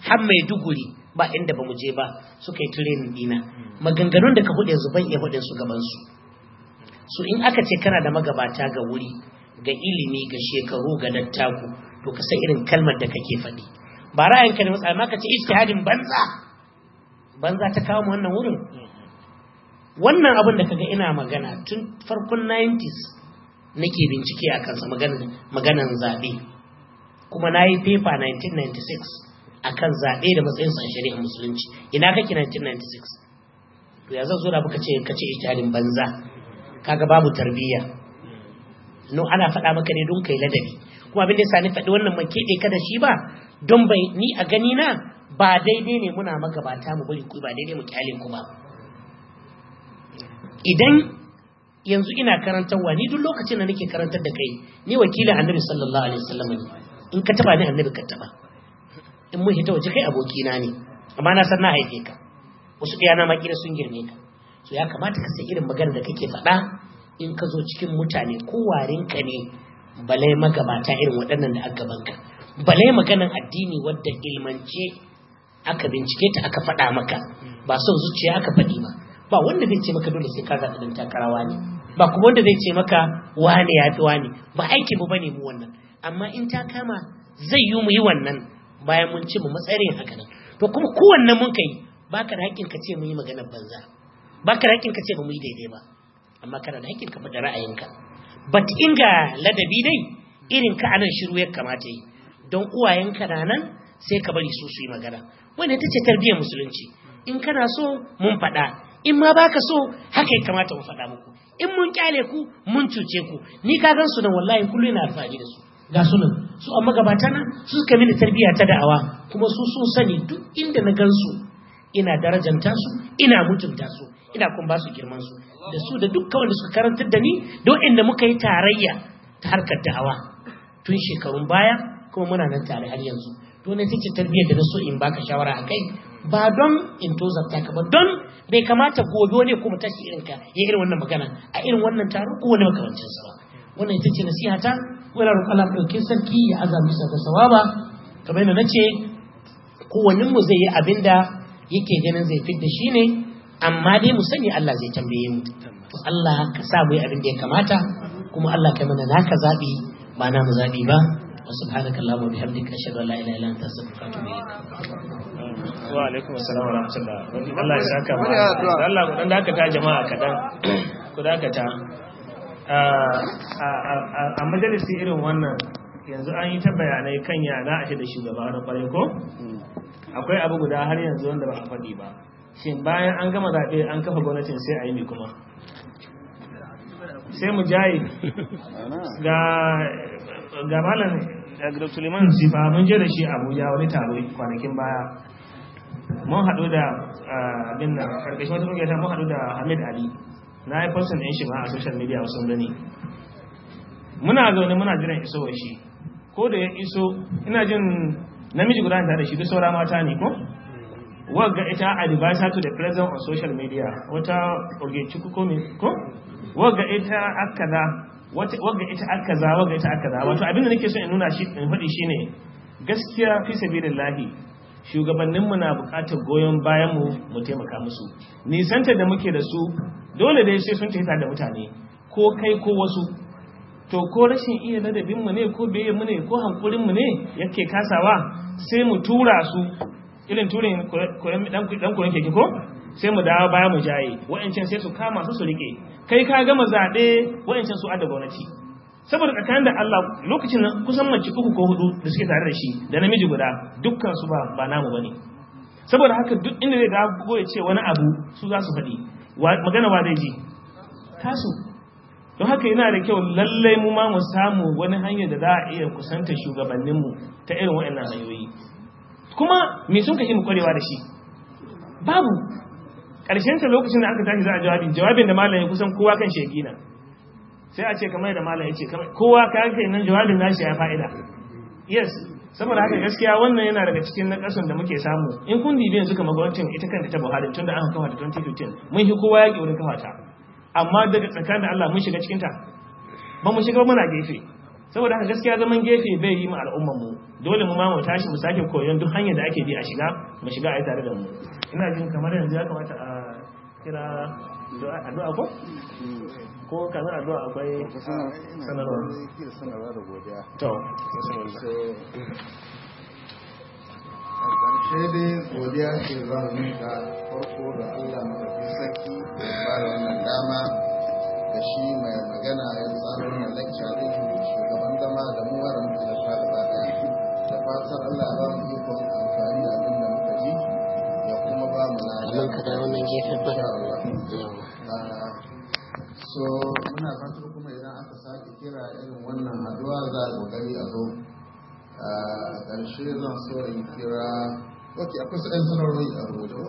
har mai duguri ba inda ba mu je ba suka yi ɗina. dina maganganun da ka hude su ban iya hude su gaban su so in aka ce kana da magabata ga wuri ga ilimi ga shekaru ga dattaku to ka san irin kalmar da kake faɗi ba ra'ayinka ne matsala maka ce ijtihadin banza banza ta kawo mu wannan wurin wannan abin da kaga ina magana tun farkon 90s nake bincike a kansa maganan zaɓe kuma na yi paper 1996 akan zaɓe da matsayin sa shari'a musulunci ina kake 1996 to ya zan zura ce kace ijtihadin banza kaga babu tarbiyya no ana faɗa maka ne don kai ladabi kuma abin da yasa ni faɗi wannan man keɗe ka shi ba don bai ni a gani na ba daidai ne muna magabata mu bari ku ba daidai mu kyale ku ba idan yanzu ina karantarwa ni duk lokacin da nake karantar da kai ni wakilin annabi sallallahu alaihi wasallam ne in ka taba ni annabi ka taba in mun hita waje kai abokina ne amma na san na haife ka wasu ɗaya na makira sun girme ka so ya kamata ka sai irin magana da kake faɗa in ka zo cikin mutane ko warinka ne balai magabata irin waɗannan da aka banka bale maganan addini wadda ilmance aka bincike ta aka faɗa maka ba son zuciya aka faɗi ba ba wanda zai ce maka dole sai ka zaɓi ɗan takarawa ne ba kuma wanda zai ce maka wane ya fi wane ba aiki mu bane mu wannan amma in ta kama zai yi mu yi wannan bayan mun ci mu matsayin haka nan to kuma wannan mun kai baka da hakkin ka ce mu yi maganar banza baka da hakkin ka ce ba mu yi daidai ba amma kana da hakkin ka faɗa ra'ayinka but inga ladabi dai irin ka anan shiru ya kamata yi don uwayenka na nan sai ka bari su su yi magana wanda ita ce tarbiyyar musulunci in kana so mun faɗa in ma baka so haka ya kamata mu faɗa muku in mun kyale ku mun cuce ku ni ka gan su nan wallahi kullu ina alfahari da su ga su nan su amma gabata nan su suka mini tarbiyya ta da'awa kuma su sun sani duk inda na gan su ina darajanta su ina mutunta su ina kuma ba su girman su da su da kawai da suka karantar da ni da waɗanda muka yi tarayya ta harkar da'awa tun shekarun baya kuma muna nan tare har yanzu to ne tace tarbiyyar da nasu in baka shawara akai ba don in tozarta ka ba don bai kamata gobe wani kuma tashi irin ka ya irin wannan magana a irin wannan taro ko wani makamancin sa ba wannan ita ce nasiha ta wannan roƙon Allah ɗauke sarki ya azami sa ga sawaba kamar yadda nace kowannen mu zai yi abinda yake ganin zai da shi ne amma dai mu sani Allah zai tambaye mu to Allah ka sa mu yi abin da ya kamata kuma Allah ka mana naka zabi ba na mu zabi ba سبحانك اللهم wa اشهد ان لا اله الا انت استغفرك واتوب wa وعليكم السلام ورحمه الله الله wa rahmatullah Allah ya saka mu Allah ku dan dakata jama'a kadan ku a majalisi irin wannan yanzu an yi ta bayanai kan ya na a da shugaba na kwarai ko hmm. akwai abu guda har yanzu wanda ba a faɗi ba shin bayan an gama zaɓe an kafa gwamnatin sai a yi mai kuma sai mu jaye ga malam dr suleiman sifa mun je da shi abuja wani taro kwanakin baya mun haɗu da ah, abin nan karkashin wata ƙungiyar mun haɗu da hamid ali na yi postin ɗin shi ma a social media sun gani muna zaune muna jiran wa shi ko da ya iso ina jin namiji guda tare da shi duk saura mata ne ko wagga ita advisor to the president on social media wata orgin cikuko ne ko wagga ita akada wanda ita aka za wanda ita aka za wato abinda nake so in nuna shi in faɗi shine gaskiya fi sabilillahi shugabanninmu na buƙatar goyon bayan mu mu taimaka musu nisanta da muke da su dole dai sai sun tafi da mutane ko kai ko wasu to ko rashin iya ladabin mu ne ko beye mu ne ko hankulin mu ne yake kasawa sai mu tura su irin turin dan koyon keke ko sai mu dawo baya mu jaye wa'ancan sai su kama su su rike kai ka gama zaɓe wa'ancan su adda gwamnati saboda tsakanin da Allah lokacin kusan mace uku ko hudu da suke tare da shi da namiji guda dukkan su ba ba namu bane saboda haka duk inda zai ga ko ya ce wani abu su za su faɗi magana wa zai ji tasu don haka yana da kyau lallai mu ma mu samu wani hanyar da za a iya kusanta shugabanninmu ta irin waɗannan hanyoyi kuma me sun kashi mu kwarewa da shi babu ƙarshen ta lokacin da aka tashi za a jawabi jawabin da malam ya kusan kowa kan sheki na sai a ce kamar da malam ya ce kowa ka kai nan jawabin nashi ya fa'ida yes saboda haka gaskiya wannan yana daga cikin nakasun da muke samu in kun dibe yanzu kamar gwamnatin ita kanta ta Buhari tun da aka kafa ta 2015 mun yi kowa ya ki wurin kafa ta amma daga tsakanin Allah mun shiga cikinta, ta ba mu shiga muna gefe saboda haka gaskiya zaman gefe bai yi mu al'ummar mu dole mu ma mu tashi mu sake koyon duk hanyar da ake bi a shiga mu shiga a tare da mu ina jin kamar yanzu ya kamata a kira addu'a ko ko kana addu'a akwai sanarwa sanarwa da godiya to sai dai godiya ke za mu farko da Allah mafi saki da fara wannan dama da shi mai magana ya tsara wannan da shugaban zama da mu waran fara da Allah ba mu nan kaɗa wannan gefen ba so muna fatar kuma idan aka sake kira irin wannan haduwa za a kokari a zo a ƙarshe zan so in kira ok akwai sa'in sanarwar a rubuta